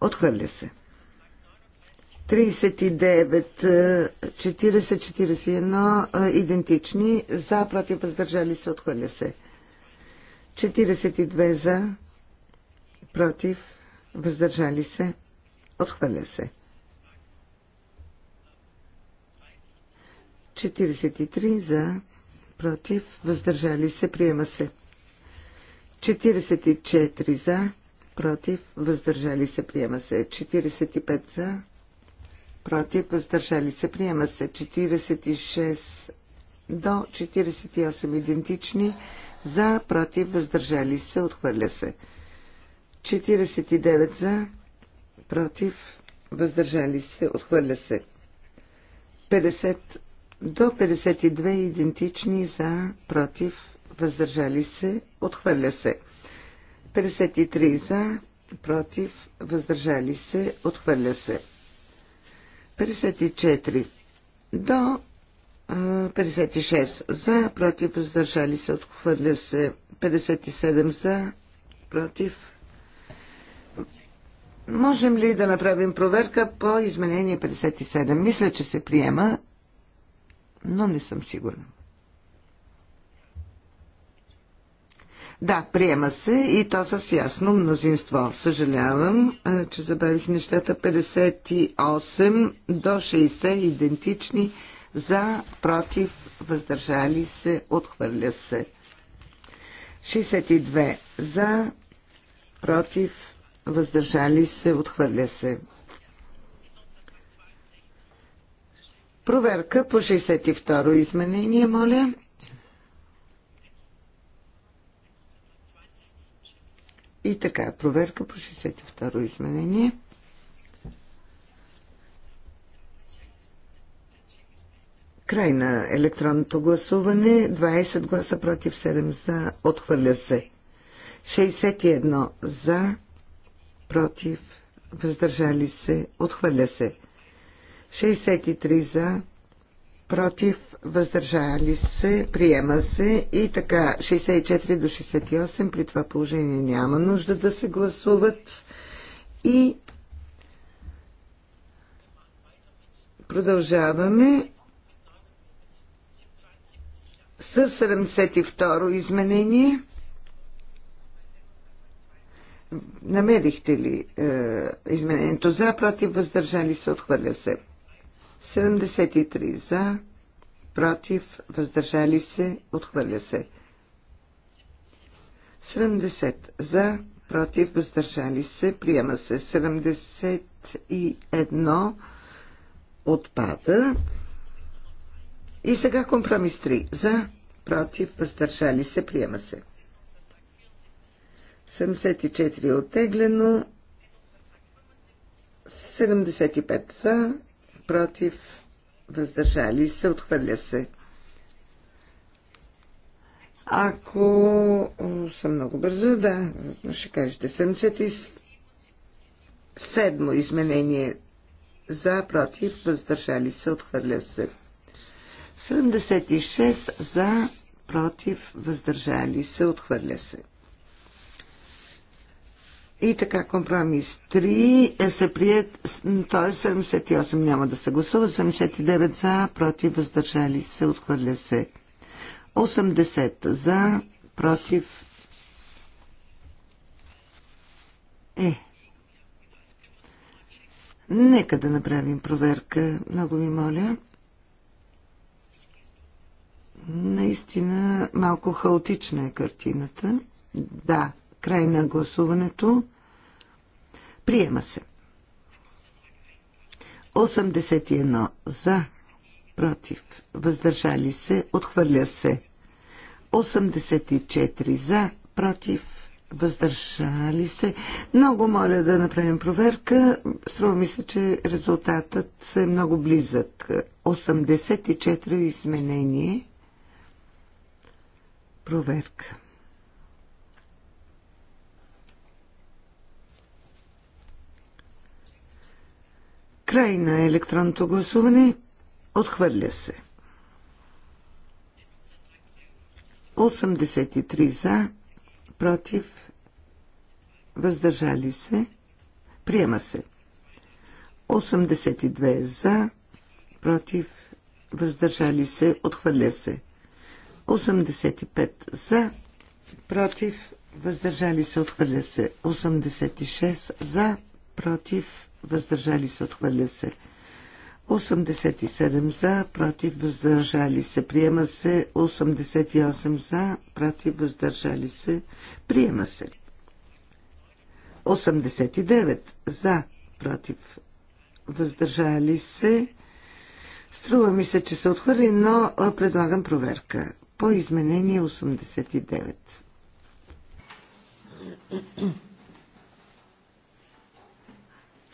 Отхвърля се. 39, 40, 41 идентични. За, против, въздържали се, отхвърля се. 42 за, против, въздържали се, отхвърля се. 43 за, против, въздържали се, приема се. 44 за, против, въздържали се, приема се. 45 за, против, въздържали се, приема се. 46 до 48 идентични, за, против, въздържали се, отхвърля се. 49 за, против, въздържали се, отхвърля се. 50 до 52 идентични за, против, въздържали се, отхвърля се. 53 за, против, въздържали се, отхвърля се. 54 до 56 за, против, въздържали се, отхвърля се. 57 за, против. Можем ли да направим проверка по изменение 57? Мисля, че се приема но не съм сигурна. Да, приема се и то с ясно мнозинство. Съжалявам, че забавих нещата. 58 до 60 идентични за, против, въздържали се, отхвърля се. 62 за, против, въздържали се, отхвърля се. Проверка по 62-ро изменение, моля. И така, проверка по 62-ро изменение. Край на електронното гласуване. 20 гласа против 7 за. Отхвърля се. 61 за. Против. Въздържали се. Отхвърля се. 63 за, против, въздържали се, приема се и така 64 до 68 при това положение няма нужда да се гласуват и продължаваме с 72 изменение. Намерихте ли е, изменението за, против, въздържали се, отхвърля се. 73 за, против, въздържали се, отхвърля се. 70 за, против, въздържали се, приема се. 71 отпада. И сега компромис 3. За, против, въздържали се, приема се. 74 е оттеглено. 75 за, против, въздържали се, отхвърля се. Ако съм много бърза, да, ще кажете 77 изменение за, против, въздържали се, отхвърля се. 76 за, против, въздържали се, отхвърля се. И така, компромис 3 е се прият, т.е. 78 няма да се гласува, 79 за, против, въздържали се, отхвърля се. 80 за, против. Е. Нека да направим проверка, много ви моля. Наистина малко хаотична е картината. Да, Край на гласуването. Приема се. 81 за, против, въздържали се, отхвърля се. 84 за, против, въздържали се. Много моля да направим проверка. Струва ми се, че резултатът е много близък. 84 изменение. Проверка. Край на електронното гласуване. Отхвърля се. 83 за, против, въздържали се, приема се. 82 за, против, въздържали се, отхвърля се. 85 за, против, въздържали се, отхвърля се. 86 за, против, въздържали се, отхвърля се. 87 за, против, въздържали се, приема се. 88 за, против, въздържали се, приема се. 89 за, против, въздържали се. Струва ми се, че се отхвърли, но предлагам проверка. По изменение 89.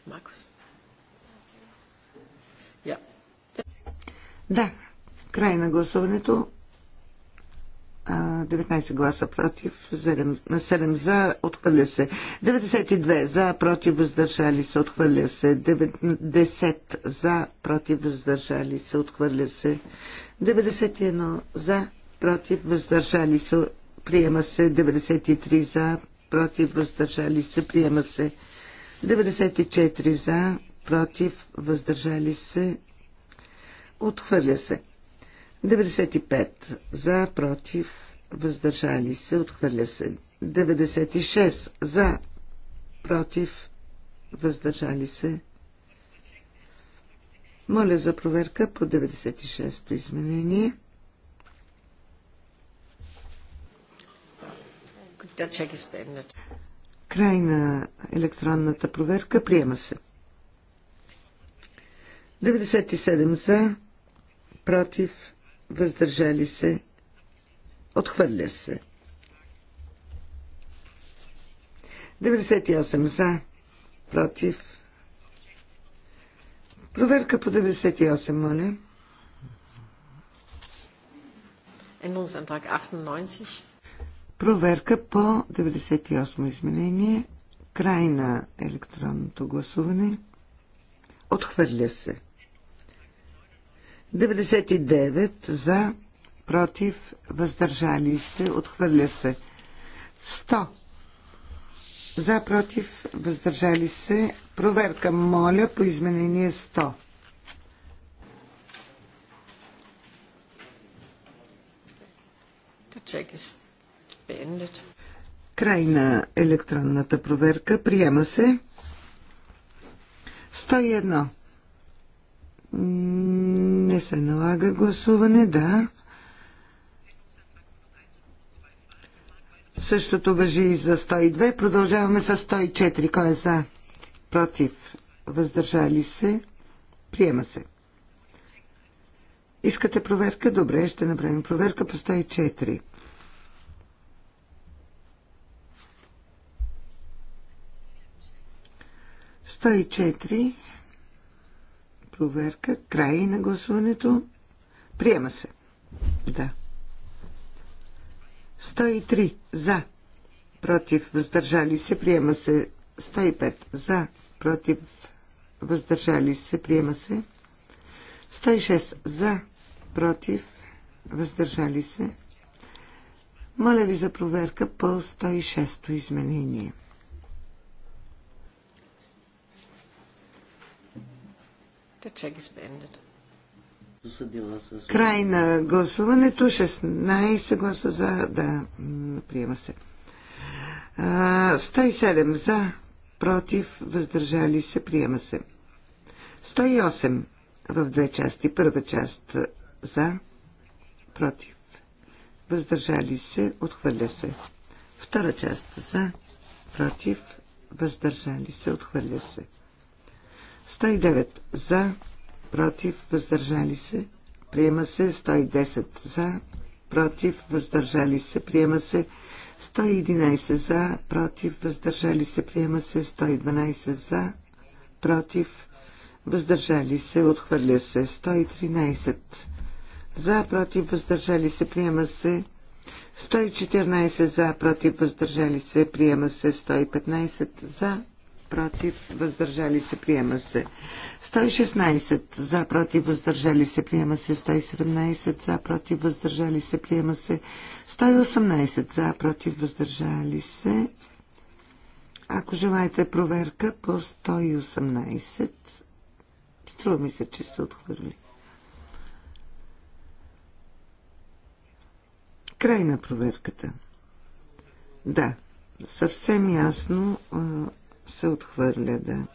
Маркус. Yeah. Да, край на гласуването. 19 гласа против, 7, 7 за, отхвърля се. 92 за, против, въздържали се, отхвърля се. 90 за, против, въздържали се, отхвърля се. 91 за, против, въздържали се, приема се. 93 за, против, въздържали се, приема се. 94 за, против, въздържали се, отхвърля се. 95 за, против, въздържали се, отхвърля се. 96 за, против, въздържали се. Моля за проверка по 96-то изменение. Край на електронната проверка. Приема се. 97 за, против, въздържали се, отхвърля се. 98 за, против. Проверка по 98, моля. 98. Проверка по 98 изменение. Край на електронното гласуване. Отхвърля се. 99 за, против, въздържали се, отхвърля се. 100 за, против, въздържали се. Проверка, моля, по изменение 100. check is beendet. Край на електронната проверка. Приема се. 101. Не се налага гласуване, да. Същото въжи и за 102. Продължаваме с 104. Кой е за? Против. Въздържали се. Приема се. Искате проверка? Добре, ще направим проверка по 104. 104. Проверка. Край на гласуването. Приема се. Да. 103. За. Против. Въздържали се. Приема се. 105. За. Против. Въздържали се. Приема се. 106. За. Против. Въздържали се. Моля ви за проверка по 106-то изменение. Край на гласуването. 16 гласа за. Да, приема се. 107 за. Против. Въздържали се. Приема се. 108 в две части. Първа част за. Против. Въздържали се. Отхвърля се. Втора част за. Против. Въздържали се. Отхвърля се. 109 за, против, въздържали се, приема се. 110 за, против, въздържали се, приема се. 111 за, против, въздържали се, приема се. 112 за, против, въздържали се, отхвърля се. 113 за, против, въздържали се, приема се. 114 за, против, въздържали се, приема се. 115 за, против, въздържали се, приема се. 116 за, против, въздържали се, приема се. 117 за, против, въздържали се, приема се. 118 за, против, въздържали се. Ако желаете проверка по 118, струва ми се, че се отхвърли. Край на проверката. Да, съвсем ясно се отхвърля, да.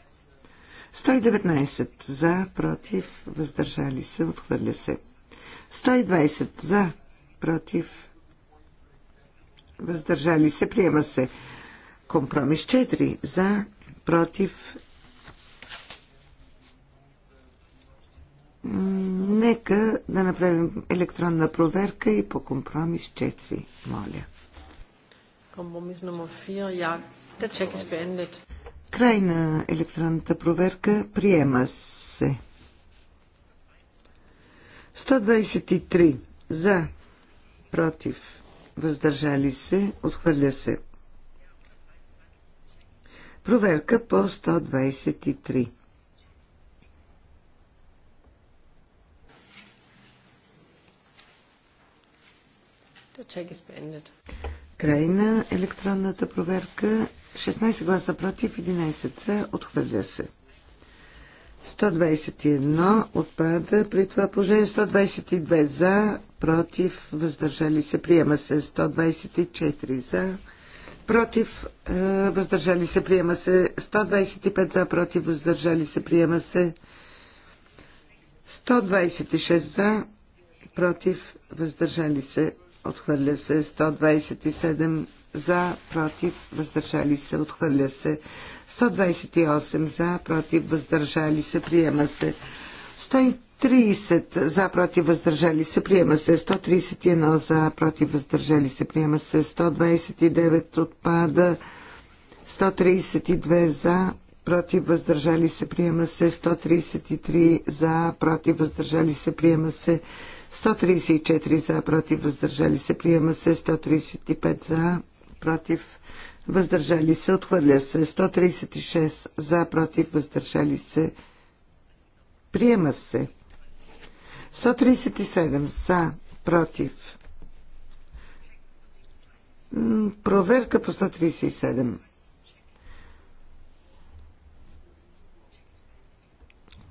119 за, против, въздържали се, отхвърля се. 120 за, против, въздържали се, приема се. Компромис 4 за, против. Нека да направим електронна проверка и по компромис 4, моля. Компромис номер 4, ja, да Check ist beendet. Край на електронната проверка. Приема се. 123 за, против, въздържали се, отхвърля се. Проверка по 123. Край на електронната проверка 16 гласа против, 11 са, отхвърля се. 121 отпада, при това положение 122 за, против, въздържали се, приема се 124 е, за, против, въздържали се, приема се 125 за, против, въздържали се, приема се 126 за, против, въздържали се, отхвърля се 127 за, против, въздържали се, отхвърля се. 128 за, против, въздържали се, приема се. 130 за, против, въздържали се, приема се. 131 за, против, въздържали се, приема се. 129 отпада. 132 за, против, въздържали се, приема се. 133 за, против, въздържали се, приема се. 134 за, против, въздържали се, приема се. 135 за, против, въздържали се, отхвърля се. 136 за, против, въздържали се, приема се. 137 за, против. Проверка по 137.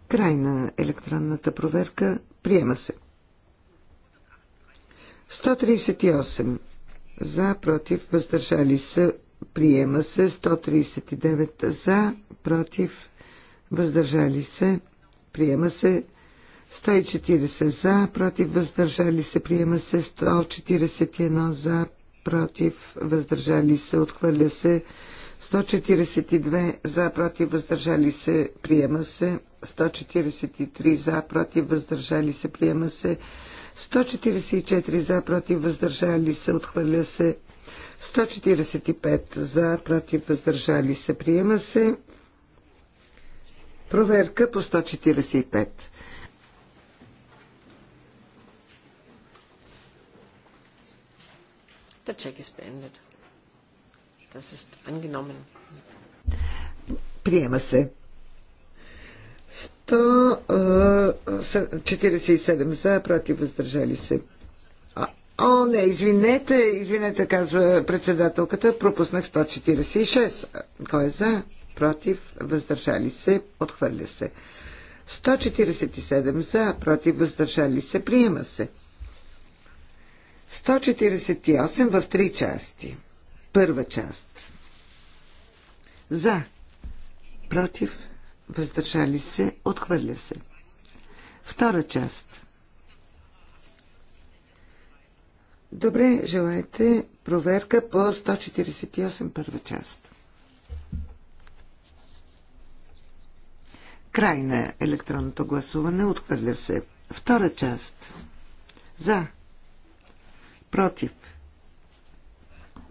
Край на електронната проверка. Приема се. 138 за, против, въздържали се, приема се 139 за, против, въздържали се, приема се 140 за, против, въздържали се, приема се 141 за, против, въздържали се, отхвърля се 142 за, против, въздържали се, приема се 143 за, против, въздържали се, приема се 144 за, против, въздържали се, отхвърля се. 145 за, против, въздържали се, приема се. Проверка по 145. Der Check ist beendet. Das ist angenommen. Приема се. 47 за, против, въздържали се. О, не, извинете, извинете, казва председателката, пропуснах 146. Кой е за? Против, въздържали се, отхвърля се. 147 за, против, въздържали се, приема се. 148 в три части. Първа част. За, против, въздържали се, отхвърля се. Втора част. Добре, желаете проверка по 148 първа част. Край на електронното гласуване отхвърля се. Втора част. За. Против.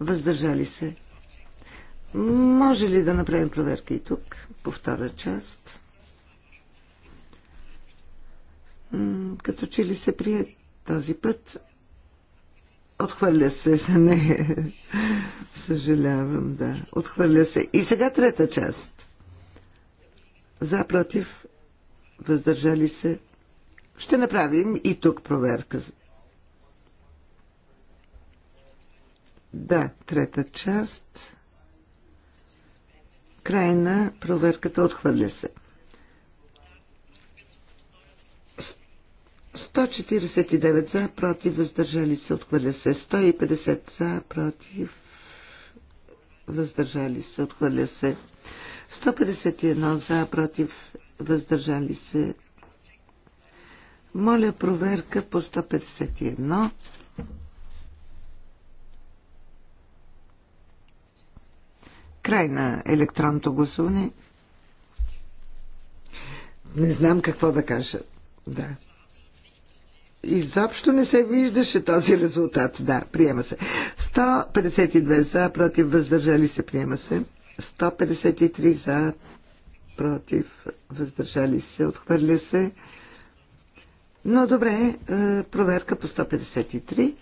Въздържали се. Може ли да направим проверка и тук, по втора част? Като че ли се прие този път? Отхвърля се, не. Съжалявам, да. Отхвърля се. И сега трета част. За, против, въздържали се. Ще направим и тук проверка. Да, трета част. Край на проверката отхвърля се. 149 за, против, въздържали се, отхвърля се. 150 за, против, въздържали се, отхвърля се. 151 за, против, въздържали се. Моля проверка по 151. Край на електронното гласуване. Не знам какво да кажа. Да. Изобщо не се виждаше този резултат. Да, приема се. 152 за, против, въздържали се, приема се. 153 за, против, въздържали се, отхвърля се. Но добре, е, проверка по 153.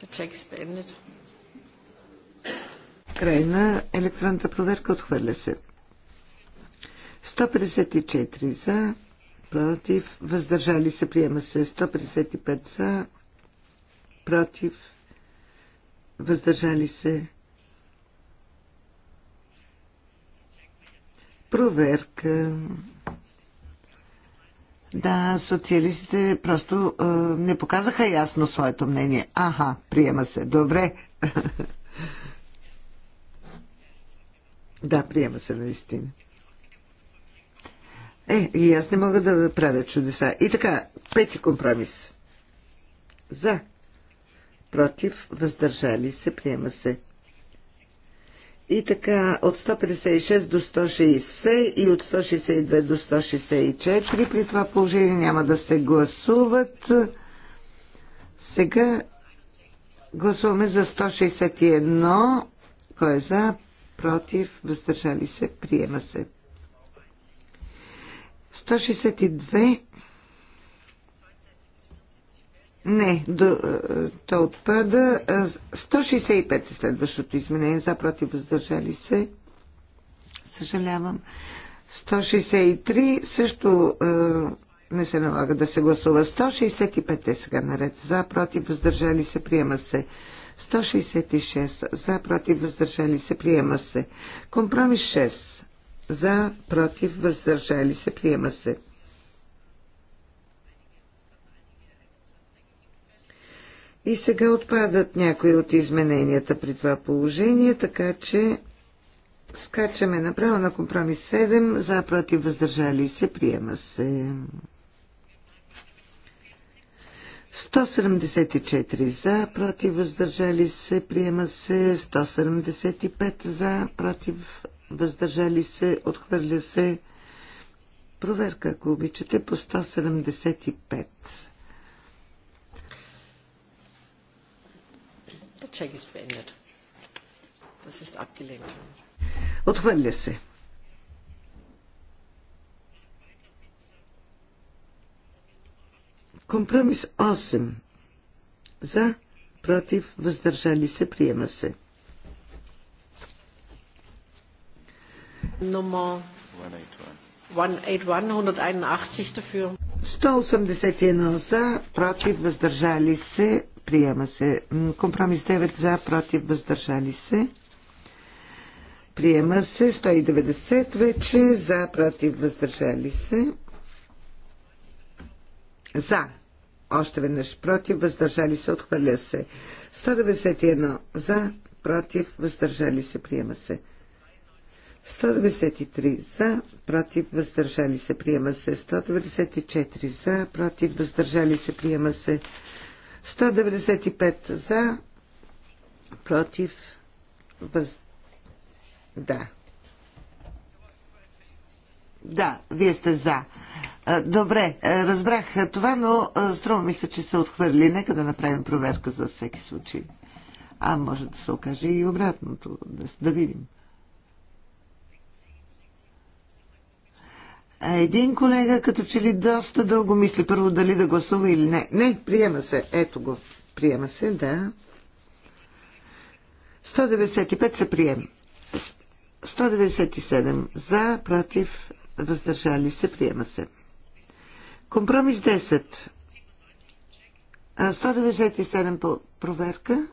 The check's Край на електронната проверка отхвърля се. 154 за, против, въздържали се, приема се 155 за, против, въздържали се. Проверка. Да, социалистите просто е, не показаха ясно своето мнение. Аха, приема се. Добре. Да, приема се наистина. Е, и аз не мога да правя чудеса. И така, пети компромис. За. Против. Въздържали се. Приема се. И така, от 156 до 160 и от 162 до 164. При това положение няма да се гласуват. Сега гласуваме за 161. Кой е за? против, въздържали се, приема се. 162 не, до, е, то отпада. 165 е следващото изменение. За, против, въздържали се. Съжалявам. 163 също е, не се налага да се гласува. 165 е сега наред. За, против, въздържали се, приема се. 166 за, против, въздържали се, приема се. Компромис 6 за, против, въздържали се, приема се. И сега отпадат някои от измененията при това положение, така че скачаме направо на компромис 7, за, против, въздържали се, приема се. 174 за, против, въздържали се, приема се. 175 за, против, въздържали се, отхвърля се. Проверка, ако обичате, по 175. Отхвърля се. Компромис 8. За, против, въздържали се, приема се. Номер 181 181 за, против, въздържали се, приема се. Компромис 9 за, против, въздържали се. Приема се 190 вече, за, против, въздържали се. За, още веднъж против, въздържали се, отхвърля се. 191 за, против, въздържали се, приема се. 193 за, против, въздържали се, приема се. 194 за, против, въздържали се, приема се. 195 за, против, въз... да, да, вие сте за. Добре, разбрах това, но струва ми се, че се отхвърли. Нека да направим проверка за всеки случай. А може да се окаже и обратното. Да видим. един колега като че ли доста дълго мисли първо дали да гласува или не. Не, приема се. Ето го. Приема се, да. 195 се приема. 197 за, против, въздържали се, приема се. Компромис 10. 197 по проверка.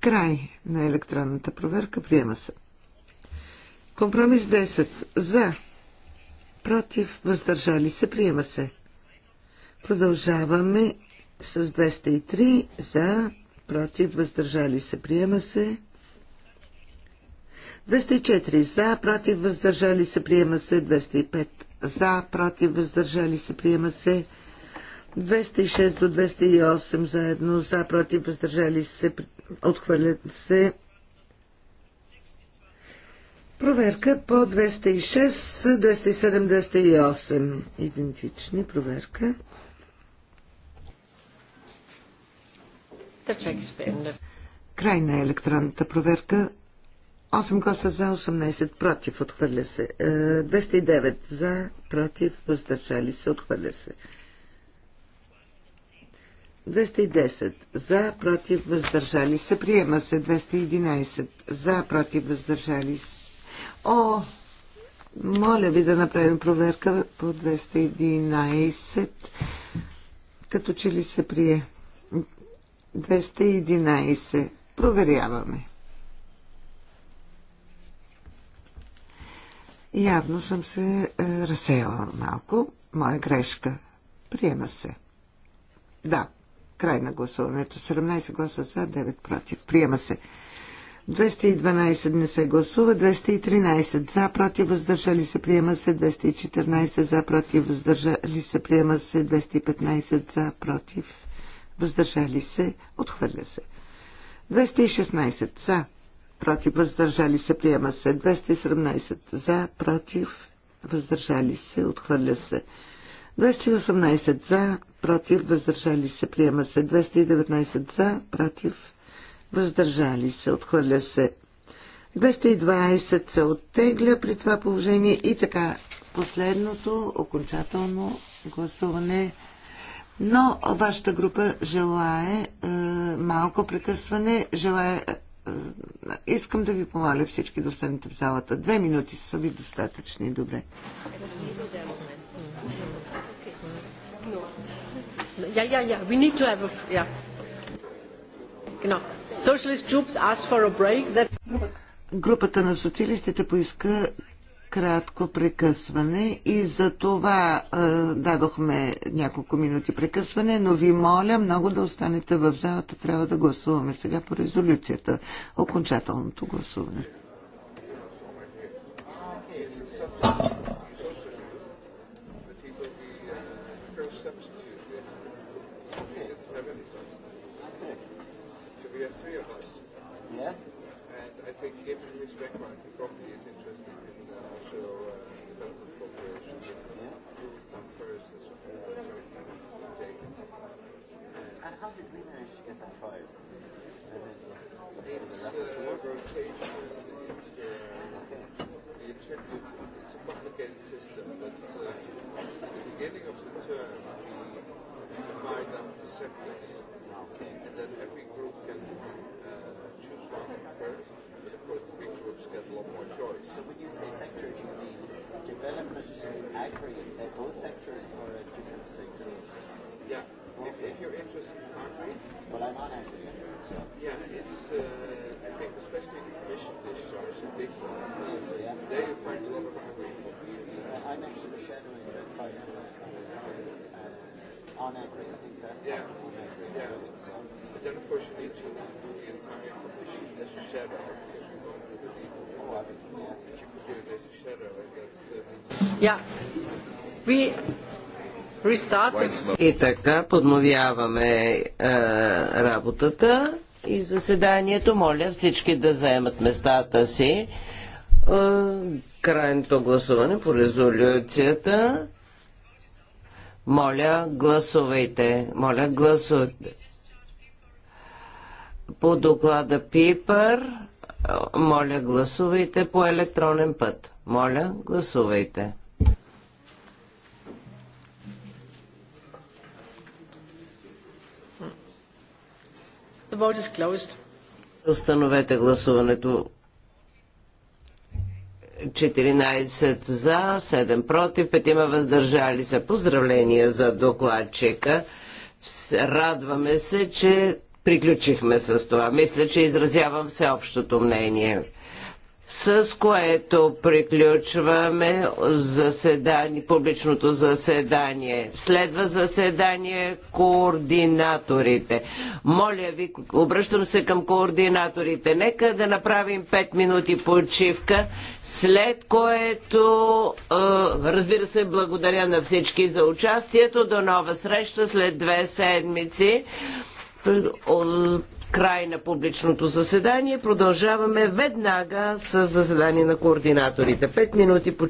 Край на електронната проверка. Приема се. Компромис 10. За. Против. Въздържали се. Приема се. Продължаваме с 203 за, против, въздържали се, приема се. 204 за, против, въздържали се, приема се. 205 за, против, въздържали се, приема се. 206 до 208 заедно, за, против, въздържали се, отхвърлят се. Проверка по 206, 207, 208. Идентични проверка. Край на електронната проверка. 8 гласа за, 18 против, отхвърля се. 209 е, за, против, въздържали се, отхвърля се. 210 за, против, въздържали се, приема се. 211 за, против, въздържали се. О, моля ви да направим проверка по 211, като че ли се прие. 211. Проверяваме. Явно съм се е, разсеяла малко. Моя грешка. Приема се. Да. Край на гласуването. 17 гласа за, 9 против. Приема се. 212 не се гласува, 213 за, против, въздържали се, приема се, 214 за, против, въздържали се, приема се, 215 за, против въздържали се, отхвърля се. 216 за, против, въздържали се, приема се. 217 за, против, въздържали се, отхвърля се. 218 за, против, въздържали се, приема се. 219 за, против, въздържали се, отхвърля се. 220 се оттегля при това положение и така последното окончателно гласуване но вашата група желае е, малко прекъсване, желае е, е, искам да ви помоля всички да останете в залата. Две минути са ви достатъчни. Добре. Ja, ja, ja, we need to have a... Ja. Genau. Socialist groups asked for a break. That... Групата на социалистите поиска кратко прекъсване и за това е, дадохме няколко минути прекъсване, но ви моля много да останете в залата. Трябва да гласуваме сега по резолюцията, окончателното гласуване. Thank you. sectors or a different sector? Yeah. If, if you're interested in concrete. Well, I'm on actually. So. Yeah, it's. Uh, I think especially the commission discharge is a big one. Yeah. There you find a lot of concrete. Uh, I'm actually shadowing that fire uh, on agri. I think that's yeah. on agri. Yeah. So. But then of course you need to do the entire commission as a shadow. you do the Yeah. И така, подновяваме е, работата и заседанието. Моля всички да заемат местата си. Е, крайното гласуване по резолюцията. Моля, гласувайте. Моля, гласувайте. По доклада ПИПър, е, моля, гласувайте по електронен път. Моля, гласувайте. The vote is closed. Установете гласуването. 14 за, 7 против, 5 въздържали се. Поздравления за докладчика. Радваме се, че приключихме с това. Мисля, че изразявам всеобщото мнение с което приключваме заседание, публичното заседание. Следва заседание координаторите. Моля ви, обръщам се към координаторите. Нека да направим 5 минути почивка, след което, разбира се, благодаря на всички за участието. До нова среща след две седмици край на публичното заседание. Продължаваме веднага с заседание на координаторите. Пет минути почивка.